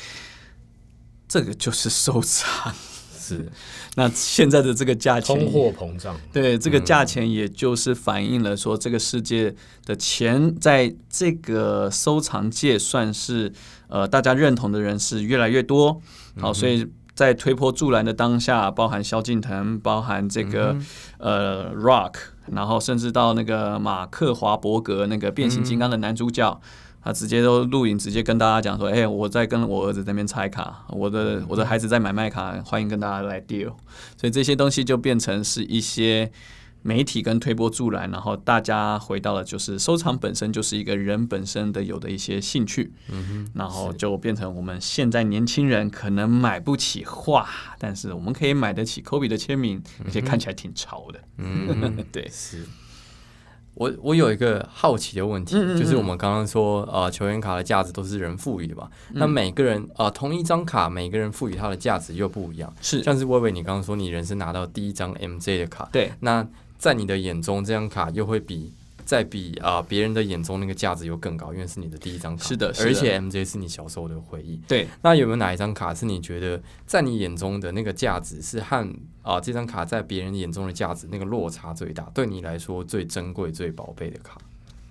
這個就是收藏，是那現在的這個價錢，通貨膨脹，對，這個價錢也就是反映了說，這個世界的錢在這個收藏界算是呃大家認同的人是越來越多，好，所以。在推波助瀾的當下，包含蕭敬騰，包含這個、嗯、哼呃 Rock，然後甚至到那個馬克華伯格那個變形金剛的男主角，嗯、他直接都錄影，直接跟大家講說：“哎、欸，我在跟我兒子在那邊拆卡，我的、嗯、哼我的孩子在買賣卡，歡迎跟大家來 deal。”所以這些東西就變成是一些。媒體跟推波助瀾，然後大家回到了，就是收藏本身就是一個人本身的有的一些興趣，嗯哼然後就變成我們現在年輕人可能買不起畫，但是我們可以買得起科比的簽名，嗯、哼而且看起來挺潮的，嗯哼， 對，是。我我有一個好奇的問題，嗯、就是我們剛剛說啊、呃，球員卡的價值都是人賦予的嘛？那、嗯、每個人啊、呃，同一張卡，每個人賦予它的價值又不一樣，是，像是薇薇，你剛剛說你人生拿到第一張 M J 的卡，對，那。在你的眼中，這張卡又會比在比啊、呃、別人的眼中那個價值又更高，因為是你的第一張卡。是的，是的，而且 MJ 是你小時候的回憶。對，那有沒有哪一張卡是你覺得在你眼中的那個價值是和啊、呃、這張卡在別人眼中的價值那個落差最大？對你來說最珍貴、最寶貝的卡？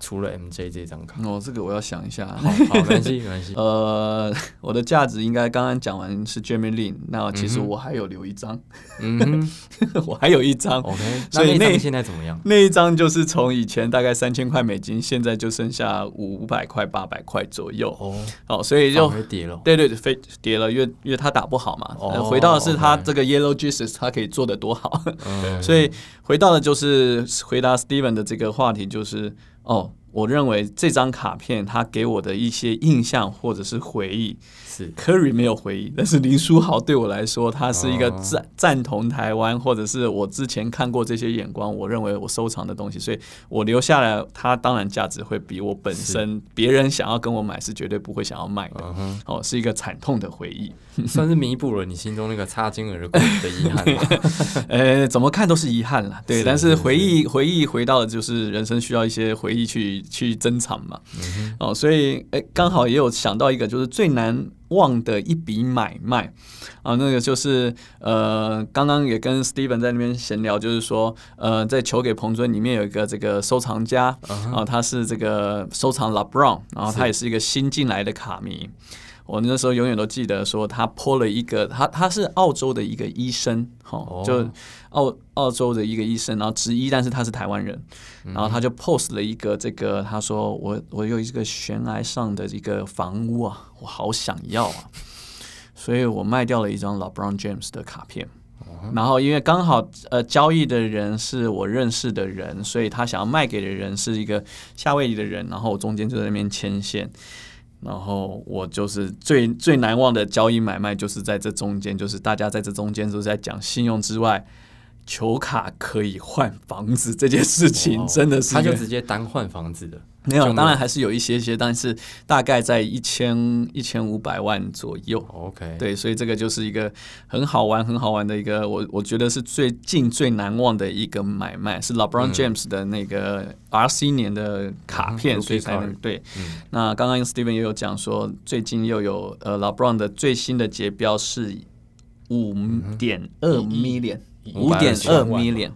除了 MJ 這張卡哦，這個我要想一下。好，沒關係，沒關係。呃，我的價值應該剛剛講完是 Jeremy Lin，那其實我還有留一張，嗯，我還有一張。OK，那那一張現在怎麼樣？那一張就是從以前大概三千塊美金，現在就剩下五百塊、八百塊左右。哦，所以就跌了。對對，飛跌了，因為因為他打不好嘛。回到的是他這個 Yellow Jesus，他可以做得多好。所以回到的就是回答 Steven 的這個話題就是。哦，oh, 我認為這張卡片它給我的一些印象或者是回憶。柯瑞是沒有回憶，但是林書豪對我來說，他是一個讚、oh. 讚同台灣，或者是我之前看過這些眼光，我認為我收藏的東西，所以我留下來，他當然價值會比我本身是別人想要跟我買是絕對不會想要賣的，uh huh. 哦，是一個慘痛的回憶， 算是彌補了你心中那個擦肩而過的遺憾吧。 呃，怎麼看都是遺憾了，對，是是是，但是回憶回憶回到的就是人生需要一些回憶去去珍藏嘛，uh huh. 哦，所以誒剛好也有想到一個就是最難。旺的一筆買賣啊，那個就是呃，剛剛也跟 Steven 在那邊閒聊，就是說呃，在球給彭尊裡面有一個這個收藏家，uh huh. 啊，他是這個收藏 LeBron，然後他也是一個新進來的卡迷。我那時候永遠都記得，說他 po 了一個，他他是澳洲的一個醫生，哈，oh. 就澳澳洲的一個醫生，然後執業，但是他是台灣人，然後他就 post 了一個這個，mm hmm. 他說我我有一個懸崖上的一個房屋啊，我好想要啊， 所以我賣掉了一張 LeBron James 的卡片，oh. 然後因為剛好呃交易的人是我認識的人，所以他想要賣給的人是一個夏威夷的人，然後我中間就在那邊牽線。然後我就是最最難忘的交易買賣，就是在這中間，就是大家在這中間都在講信用之外。球卡可以換房子這件事情，真的是他就直接單換房子的，沒有，當然還是有一些些，但是大概在一千一千五百萬左右。OK，對，所以這個就是一個很好玩、很好玩的一個，我我覺得是最近最難忘的一個買賣，是 LeBron James 的那個 R C 年的卡片，所以才能對。那剛剛 Steven 也有講說，最近又有呃 LeBron 的最新的結標是五點二 million。五點二 million，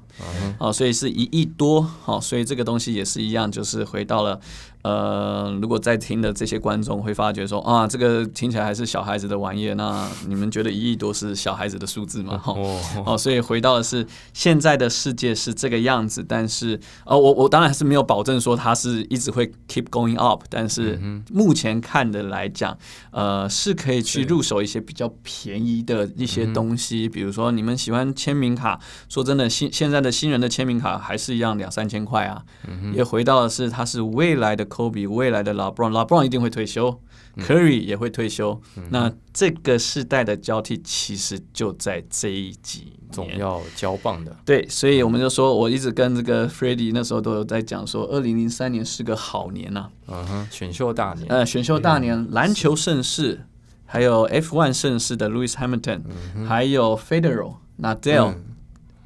好、嗯，所以是一億多，好，所以這個東西也是一樣，就是回到了。呃，如果在聽的這些觀眾會發覺說啊，這個聽起來還是小孩子的玩意兒，那你們覺得一億多是小孩子的數字嗎？哦哦，哦，所以回到的是現在的世界是這個樣子，但是哦，呃，我我當然是沒有保證說它是一直會 keep going up，但是目前看的來講，嗯哼，呃，是可以去入手一些比較便宜的一些東西，嗯哼，比如說你們喜歡簽名卡，說真的，新現在的新人的簽名卡還是一樣兩三千塊啊，嗯哼，也回到的是它是未來的。科比未來的 LeBron，LeBron 一定會退休、嗯、，Curry 也會退休。嗯、哼那這個世代的交替，其實就在這一集，總要交棒的。對，所以我們就說，嗯、哼我一直跟這個 Freddie 那時候都有在講說，二零零三年是個好年吶、啊。嗯哼，選秀大年。呃，選秀大年，嗯、籃球盛世，是還有 F One 盛世的 Lewis Hamilton，、嗯、哼還有 Federer Nadal。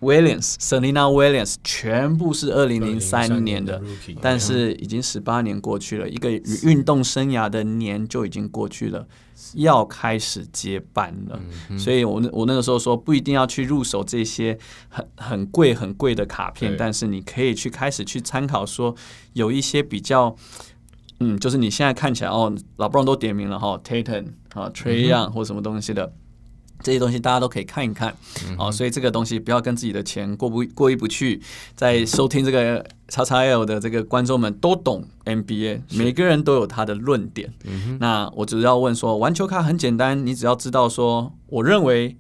Williams、Serena Williams 全部是二零零三年的，年的 Rookie, 但是已經十八年過去了，Okay. 一個運動生涯的年就已經過去了，S- 要開始接班了。Mm hmm. 所以我我那個時候說，不一定要去入手這些很很貴、很貴的卡片，Mm hmm. 但是你可以去開始去參考，說有一些比較，嗯，就是你現在看起來哦，老布朗都點名了哈、哦、Ta、哦、Tatum 啊 Trae Young 或什麼東西的。這些東西大家都可以看一看，好，嗯哼哦，所以這個東西不要跟自己的錢過不過意不去。在收聽這個 XXL 的這個觀眾們都懂 NBA。是每個人都有他的論點。嗯、哼那我只是要問說，玩球卡很簡單，你只要知道說，我認為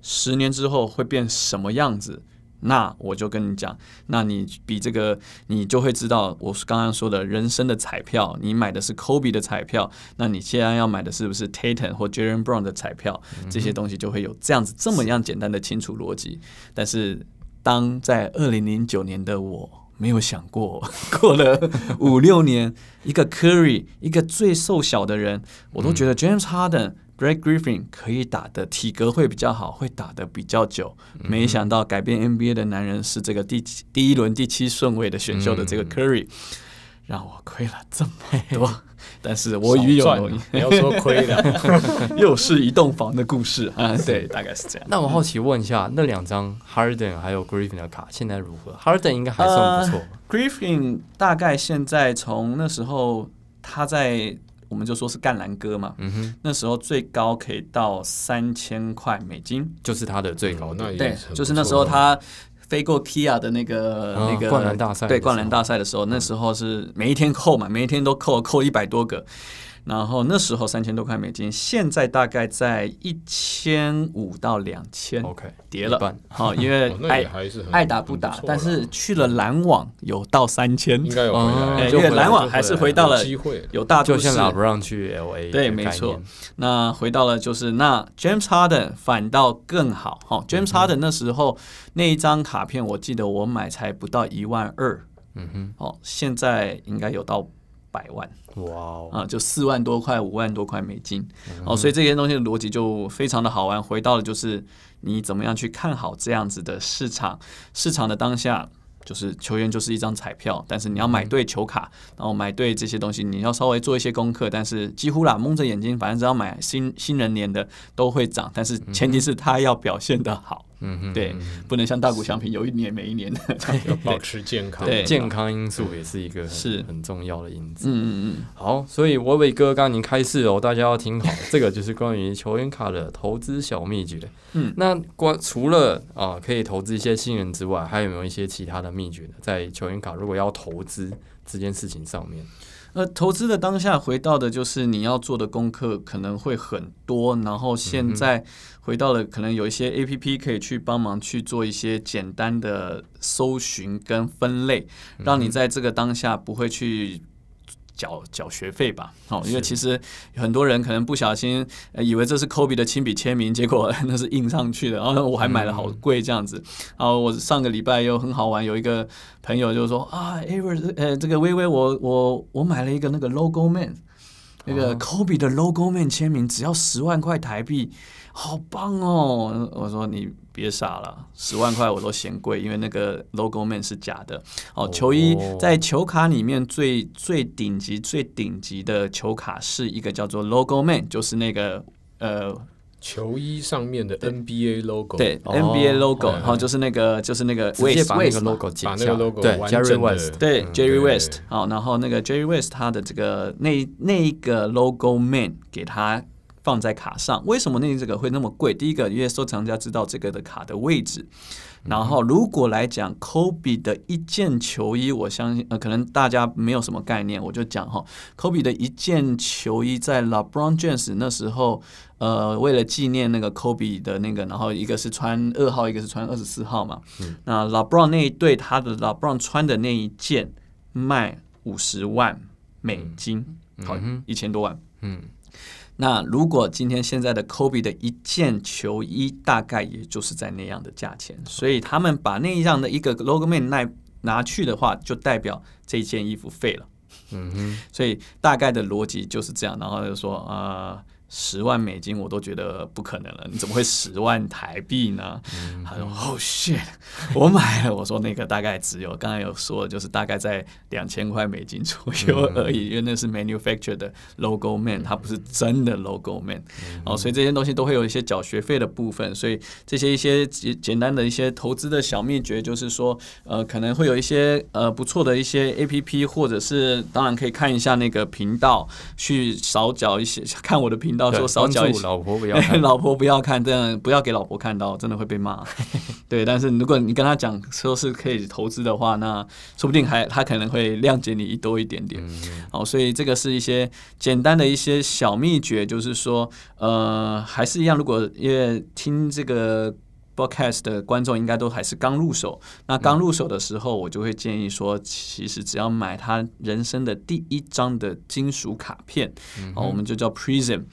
十年之後會變什麼樣子。那我就跟你講，那你比這個，你就會知道我剛剛說的人生的彩票，你買的是科比的彩票，那你現在要買的是不是 Tatum 或 Jaylen Brown 的彩票？這些東西就會有這樣子這麼樣簡單的清楚邏輯。但是，當在二零零九年的我，沒有想過，過了五六年， 一個 Curry，一個最瘦小的人，我都覺得 James Harden。Blake Griffin 可以打的體格會比較好，會打的比較久。嗯、沒想到改變 NBA 的男人是這個第七第一輪第七順位的選秀的這個 Curry，嗯、讓我虧了這麼多。 但是我與有你，不要說虧了， 又是一棟房的故事 啊！對，大概是這樣。那我好奇問一下，那兩張 Harden 還有 Griffin 的卡現在如何？Harden 應該還算不錯。Uh, Griffin 大概現在從那時候他在。我們就說是幹南哥嘛，嗯、哼那時候最高可以到三千塊美金，就是他的最高的、哦。那對，就是那時候他飛過 KIA 的那個、哦、那個。灌籃大賽，對，灌籃大賽的時候，那時候是每一天扣嘛，嗯、每一天都扣，扣一百多個。然後那時候三千多塊美金，現在大概在一千五到兩千，OK，跌了，好、okay, 哦，因為愛、哦、愛打不打，但是去了籃網有到三千，應該有回來，因為籃網還是回到了機會，有大就先打不讓去 LA，對，沒錯，那回到了就是那 James Harden 反倒更好，哈、哦、，James Harden、嗯、哼那時候那一張卡片，我記得我買才不到一萬二，嗯哼，好、哦，現在應該有到。百萬哇，啊、嗯，就四萬多塊、五萬多塊美金哦，所以這些東西的邏輯就非常的好玩。回到了就是你怎麼樣去看好這樣子的市場？市場的當下就是球員就是一張彩票，但是你要買對球卡，然後買對這些東西，你要稍微做一些功課。但是幾乎啦蒙着眼睛，反正只要買新新人年的都會漲，但是前提是他要表現得好。嗯，嗯嗯，對，不能像大谷翔平，有一年沒一年的。 保持健康的對，對健康因素也是一個很，是很重要的因子。嗯嗯嗯，好，所以 WeiWei 哥剛剛已經開示了、哦，大家要聽好， 這個就是關於球員卡的投資小秘訣。嗯， 那關除了啊、呃、可以投資一些新人之外，還有沒有一些其他的秘訣呢？在球員卡如果要投資這件事情上面？那投資的當下，回到的就是你要做的功課可能會很多，然後現在回到了可能有一些 APP 可以去幫忙去做一些簡單的搜尋跟分類，讓你在這個當下不會去。繳繳學費吧，哦，因為其實很多人可能不小心，呃，以為這是科比的親筆簽名，結果那是印上去的，然後我還買了好貴這樣子。嗯嗯。然後我上個禮拜又很好玩，有一個朋友就說啊，Ever，呃，這個 WeiWei，我我我買了一個那個 Logo Man，哦，那個科比的 Logo Man 簽名，只要十萬塊台幣。好棒哦！我說你別傻了，十萬塊我都嫌貴，因為那個 logo man 是假的。哦，球衣在球卡裡面最最頂級、最頂級的球卡是一個叫做 logo man，就是那個呃，球衣上面的 NBA logo。對，NBA logo，然後就是那個就是那個直接把那個 logo 剪掉，把那個 logo 完整。對，Jerry West。對，Jerry West。好，然後那個 Jerry West 他的這個那那一個 logo man 給他放在卡上，為什麼那這個會那麼貴？第一個，因為收藏家知道這個的卡的位置。嗯、哼然後，如果來講，科比、嗯、哼的一件球衣，我相信呃，可能大家沒有什麼概念，我就講哈，科比的一件球衣，在 LeBron James 那時候，呃，為了紀念那個 Kobe 的那個，然後一個是穿二號，一個是穿二十四號嘛。嗯、那 LeBron 那一對他的 LeBron 穿的那一件，賣五十萬美金，嗯嗯、好，一千多萬，嗯。那如果今天現在的 Kobe 的一件球衣，大概也就是在那樣的價錢，所以他們把那一樣的一個 logo man 拿拿去的話，就代表這件衣服廢了。嗯哼，所以大概的邏輯就是這樣，然後就說啊。呃十萬美金我都覺得不可能了，你怎麼會十萬台幣呢？ 他說：“Oh shit，我買了。”我說：“那個大概只有剛 才有說，就是大概在兩千塊美金左右而已， 因為那是 manufactured logo man，它不是真的 logo man。” 哦，所以這些東西都會有一些繳學費的部分，所以這些一些簡簡單的一些投資的小秘訣，就是說呃可能會有一些呃不錯的一些 app，或者是當然可以看一下那個頻道去少繳一些，看我的頻道。到說對少講老， 老婆不要看，老婆不要看，這樣不要給老婆看到，真的會被罵。 對，但是如果你跟他講說是可以投資的話，那說不定還他可能會諒解你一多一點點。嗯、好，所以這個是一些簡單的一些小秘訣，就是說，呃，還是一樣，如果因為聽這個。Podcast 的觀眾應該都還是剛入手。那剛入手的時候，我就會建議說，其實只要買他人生的第一張的金屬卡片，哦、嗯哼，我們就叫 PRISM。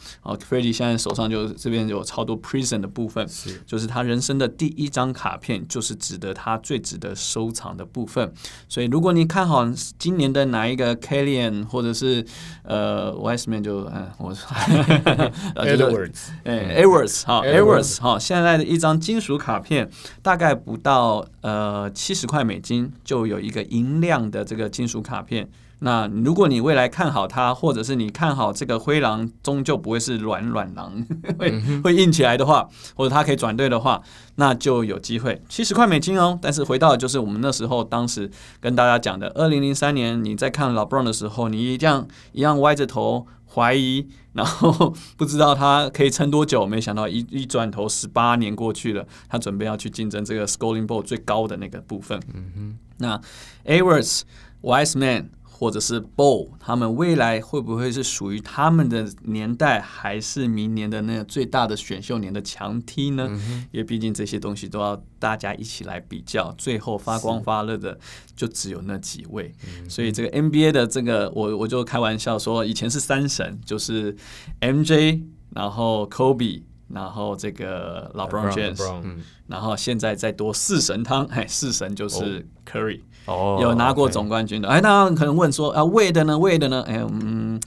Freddie 現在手上就這邊有超多 PRISM 的部分，是，就是他人生的第一張卡片，就是值得他最值得收藏的部分。所以，如果你看好今年的哪一個 Killian，或者是呃，Wiseman 就嗯，我 Edwards 哎 Edwards 好 Edwards 好，現在的一張金屬。卡片大概不到呃七十塊美金就有一個銀亮的這個金屬卡片。那如果你未來看好它，或者是你看好這個灰狼終究不會是軟軟狼，會會硬起來的話，或者它可以轉隊的話，那就有機會七十塊美金哦。但是回到就是我們那時候當時跟大家講的年，二零零三年你在看 LeBron 的時候，你一樣一樣歪着頭。懷疑，然後不知道他可以撐多久。沒想到一一轉頭，十八年過去了，他準備要去競爭這個 scoring ball 最高的那個部分。嗯哼，那，Awards wise man。或者是 Bowl 他們未來會不會是屬於他們的年代，還是明年的那個最大的選秀年的強踢呢？嗯、哼因為畢竟這些東西都要大家一起來比較，最後發光發熱的就只有那幾位。嗯、所以這個 NBA 的這個，我我就開玩笑說，以前是三神，就是 MJ，然後 Kobe，然後這個 LeBron Yeah , Brown James，br、嗯、然後現在再多四神湯，哎，四神就是 Curry。Oh. 哦，oh, okay. 有拿過總冠軍的。哎，那可能問說啊，韋德呢？韋德呢？哎，嗯，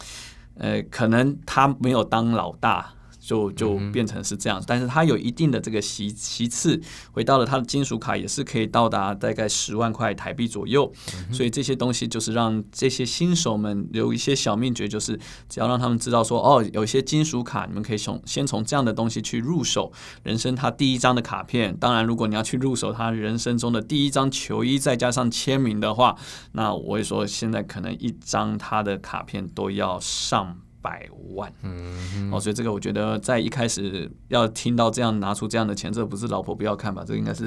呃、哎，可能他沒有當老大。就就變成是這樣，嗯、哼但是它有一定的這個席，席次，回到了它的金屬卡也是可以到達大概十萬塊台幣左右，嗯、哼所以這些東西就是讓這些新手們有一些小秘訣，就是只要讓他們知道說，哦，有一些金屬卡，你們可以從先從這樣的東西去入手，人生他第一張的卡片。當然，如果你要去入手他人生中的第一張球衣，再加上簽名的話，那我也說現在可能一張他的卡片都要上百萬，嗯哼，哦，所以這個我覺得在一開始要聽到這樣拿出這樣的錢，這個不是老婆不要看吧？這個應該是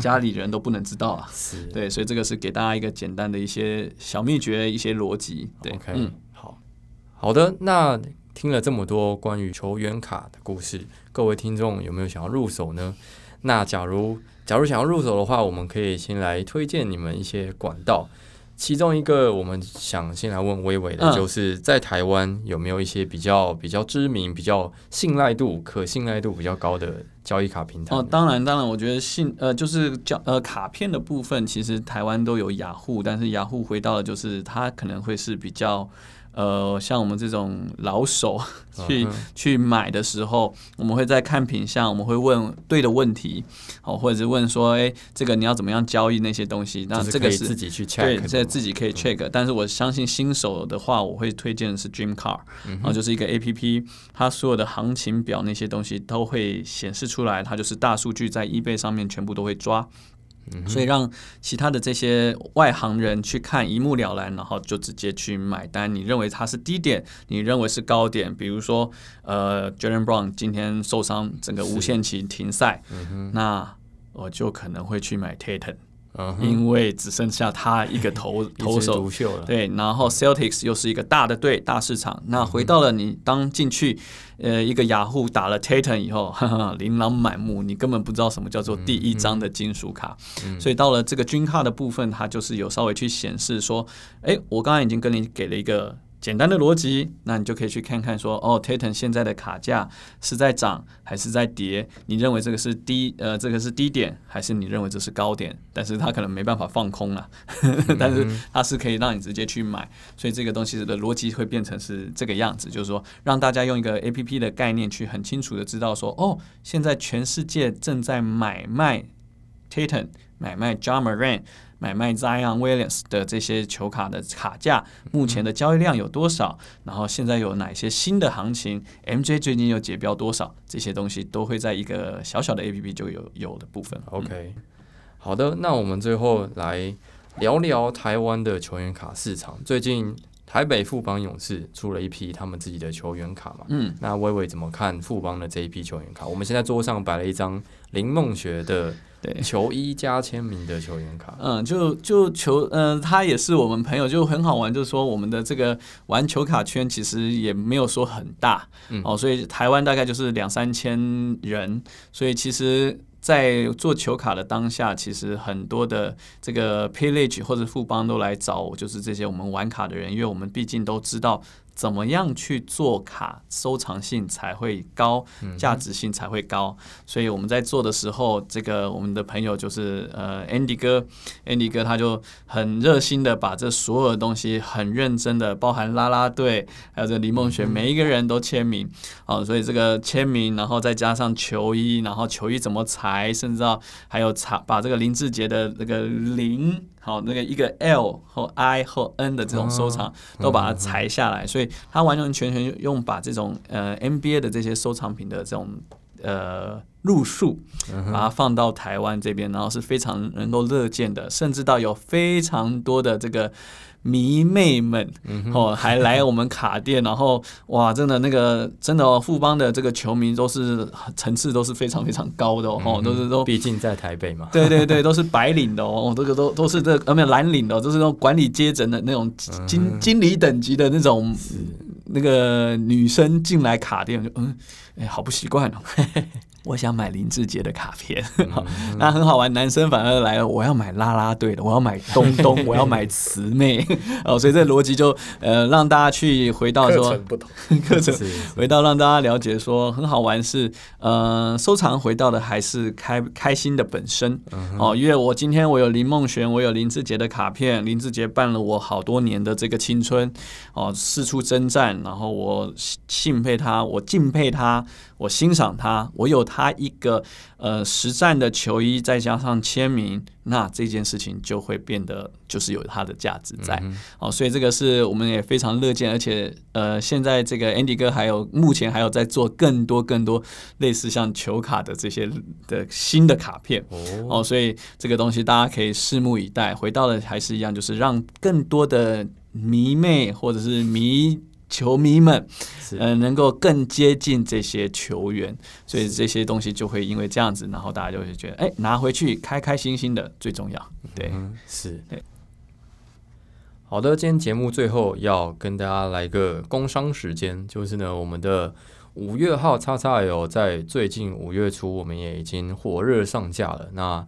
家裡人都不能知道啊。 是對，所以這個是給大家一個簡單的一些小秘訣，一些邏輯。對，Okay. 嗯，好，好的。那聽了這麼多關於球員卡的故事，各位聽眾有沒有想要入手呢？那假如假如想要入手的話，我們可以先來推薦你們一些管道。其中一個我們想先來問微微的，就是在台灣有沒有一些比較比較知名、比較信賴度、可信賴度比較高的交易卡平台？哦，當然，當然，我覺得信呃就是交呃卡片的部分，其實台灣都有雅虎，但是雅虎、ah、回到的就是它可能會是比較。呃，像我們這種老手去，啊、哼去買的時候，我們會在看品相。我們會問對的問題，好，哦，或者是問說，誒，這個你要怎麼樣交易那些東西？那這個是，這是自己去 check，對，這自己可以 check，嗯。但是我相信新手的話，我會推薦的是 Dream Car，然後，嗯哼啊，就是一個 APP，它所有的行情表那些東西都會顯示出來，它就是大數據在 eBay 上面全部都會抓。Mm hmm. 所以讓其他的這些外行人去看一目了然，然後就直接去買單。你認為它是低點，你認為是高點。比如說，呃 Jaylen Brown 今天受傷，整個無限期停賽，mm hmm. 那我就可能會去買 Tatum。Uh huh. 因為只剩下他一個投投 手，對，然後 Celtics 又是一個大的隊、大市場。那回到了你當進去，嗯、呃，一個雅虎、ah、打了 Tatum 以後，哈哈，琳琅滿目，你根本不知道什麼叫做第一張的金屬卡。嗯嗯、所以到了這個軍卡的部分，它就是有稍微去顯示說，哎，我剛才已經跟你給了一個。簡單的邏輯，那你就可以去看看說，哦，Tayton 現在的卡價是在漲還是在跌？你認為這個是低呃這個是低點，還是你認為這是高點？但是它可能沒辦法放空了，啊， 但是它是可以讓你直接去買，所以這個東西的邏輯會變成是這個樣子，就是說讓大家用一個 APP 的概念去很清楚的知道說，哦，現在全世界正在買賣 Tayton，買賣 Jamaran 買賣 Zion Williams 的這些球卡的卡價，目前的交易量有多少？嗯、然後現在有哪些新的行情？MJ 最近又結標多少？這些東西都會在一個小小的 APP 就有有的部分。嗯、OK，好的，那我們最後來聊聊台灣的球員卡市場。最近台北富邦勇士出了一批他們自己的球員卡嘛？嗯，那 WeiWei 怎麼看富邦的這一批球員卡？我們現在桌上擺了一張林孟學的。對，球衣加簽名的球員卡。嗯，就就球，嗯、呃，他也是我們朋友，就很好玩。就是說，我們的這個玩球卡圈其實也沒有說很大，嗯、哦，所以台灣大概就是兩三千人。所以其實，在做球卡的當下，其實很多的這個 P. League 或者富邦都來找我，就是這些我們玩卡的人，因為我們畢竟都知道。怎麼樣去做卡收藏性才會高，價值性才會高？嗯、哼所以我們在做的時候，這個我們的朋友就是呃 Andy 哥，Andy 哥他就很熱心的把這所有的東西很認真的，包含啦啦隊還有這李夢璇，嗯、哼每一個人都簽名啊、哦，所以這個簽名，然後再加上球衣，然後球衣怎麼裁，甚至到還有裁把這個林志杰的那、這個林。好，那個一個 L 和 I 和 N 的這種收藏都把它裁下來，啊嗯嗯、所以它完完全全全用把這種呃 NBA 的這些收藏品的這種。呃，入數、嗯、哼把它放到台灣這邊，然後是非常能夠樂見的，嗯、哼甚至到有非常多的這個迷妹們、嗯、哼哦，還來我們卡店，然後哇，真的那個真的、哦、富邦的這個球迷都是層次都是非常非常高的哦，嗯、哼都是都畢竟在台北嘛，對對對，都是白領的哦， 哦這個都都是這個啊、沒有藍領的、哦，都是那種管理階層的那種經、嗯、哼經理等級的那種是、嗯、那個女生進來卡店嗯。哎、欸，好不習慣哦！ 我想買林志傑的卡片，嗯、哼 那很好玩。男生反而來了，我要買啦啦隊的，我要買東東， 我要買慈妹哦。 所以這邏輯就呃，讓大家去回到說課程不同，課程，是是是回到讓大家了解說很好玩是呃收藏回到的還是開開心的本身哦。嗯、哼因為我今天我有林夢璇，我有林志傑的卡片，林志傑伴了我好多年的這個青春哦，四處征戰，然後我敬佩他，我敬佩他。我欣賞他，我有他一個呃實戰的球衣，再加上簽名，那這件事情就會變得就是有它的價值在。嗯、哼哦。所以這個是我們也非常樂見，而且呃，現在這個 Andy 哥還有目前還有在做更多更多類似像球卡的這些的新的卡片哦，哦，所以這個東西大家可以拭目以待。回到的還是一樣，就是讓更多的迷妹或者是迷。球迷們，嗯是、呃，能夠更接近這些球員，所以這些東西就會因為這樣子，是然後大家就會覺得，哎，拿回去開開心心的最重要。對，嗯、是。對。好的，今天節目最後要跟大家來個工商時間，就是呢，我們的五月號叉叉 L，在最近五月初，我們也已經火熱上架了。那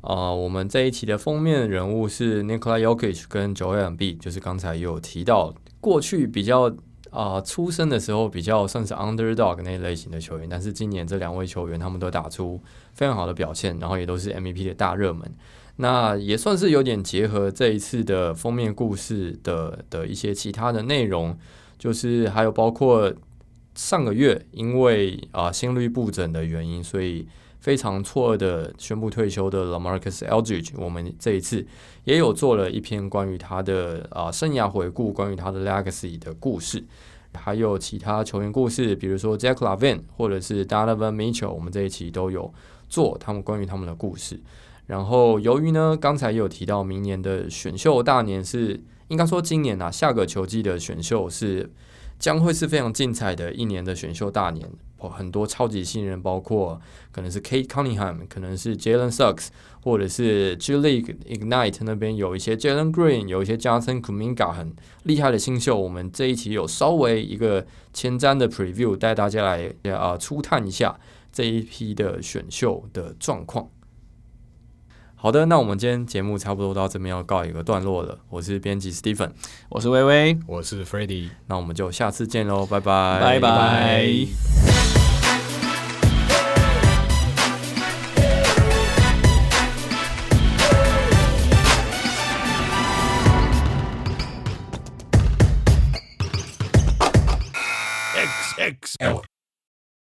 呃，我們這一期的封面人物是 Nikola Jokic 跟 Joel Embiid，就是剛才有提到。過去比較啊、呃，出生的時候比較算是 underdog 那類型的球員，但是今年這兩位球員他們都打出非常好的表現，然後也都是 MVP 的大熱門，那也算是有點結合這一次的封面故事的的一些其他的內容，就是還有包括上個月因為啊、呃、心律不整的原因，所以。非常錯愕的宣布退休的 LaMarcus Aldridge，我們這一次也有做了一篇關於他的啊、呃、生涯回顧，關於他的 legacy 的故事，還有其他球員故事，比如說 Zach LaVine 或者是 Donovan Mitchell，我們這一期都有做他們關於他們的故事。然後由於呢，剛才也有提到明年的選秀大年是應該說今年啊下個球季的選秀是將會是非常精彩的一年的選秀大年。哦、很多超級新人，包括可能是 Kate Cunningham，可能是 Jalen Sucks，或者是 G League Ignite 那邊有一些 Jalen Green，有一些 Jason Kuminga，很厲害的新秀。我們這一期有稍微一個前瞻的 Preview，帶大家來啊初探一下這一批的選秀的狀況。好的，那我們今天節目差不多到這邊要告一個段落了。我是編輯 Stephen，我是薇薇，我是 Freddie，Fred，那我們就下次見嘍，拜拜，拜拜 bye。Bye bye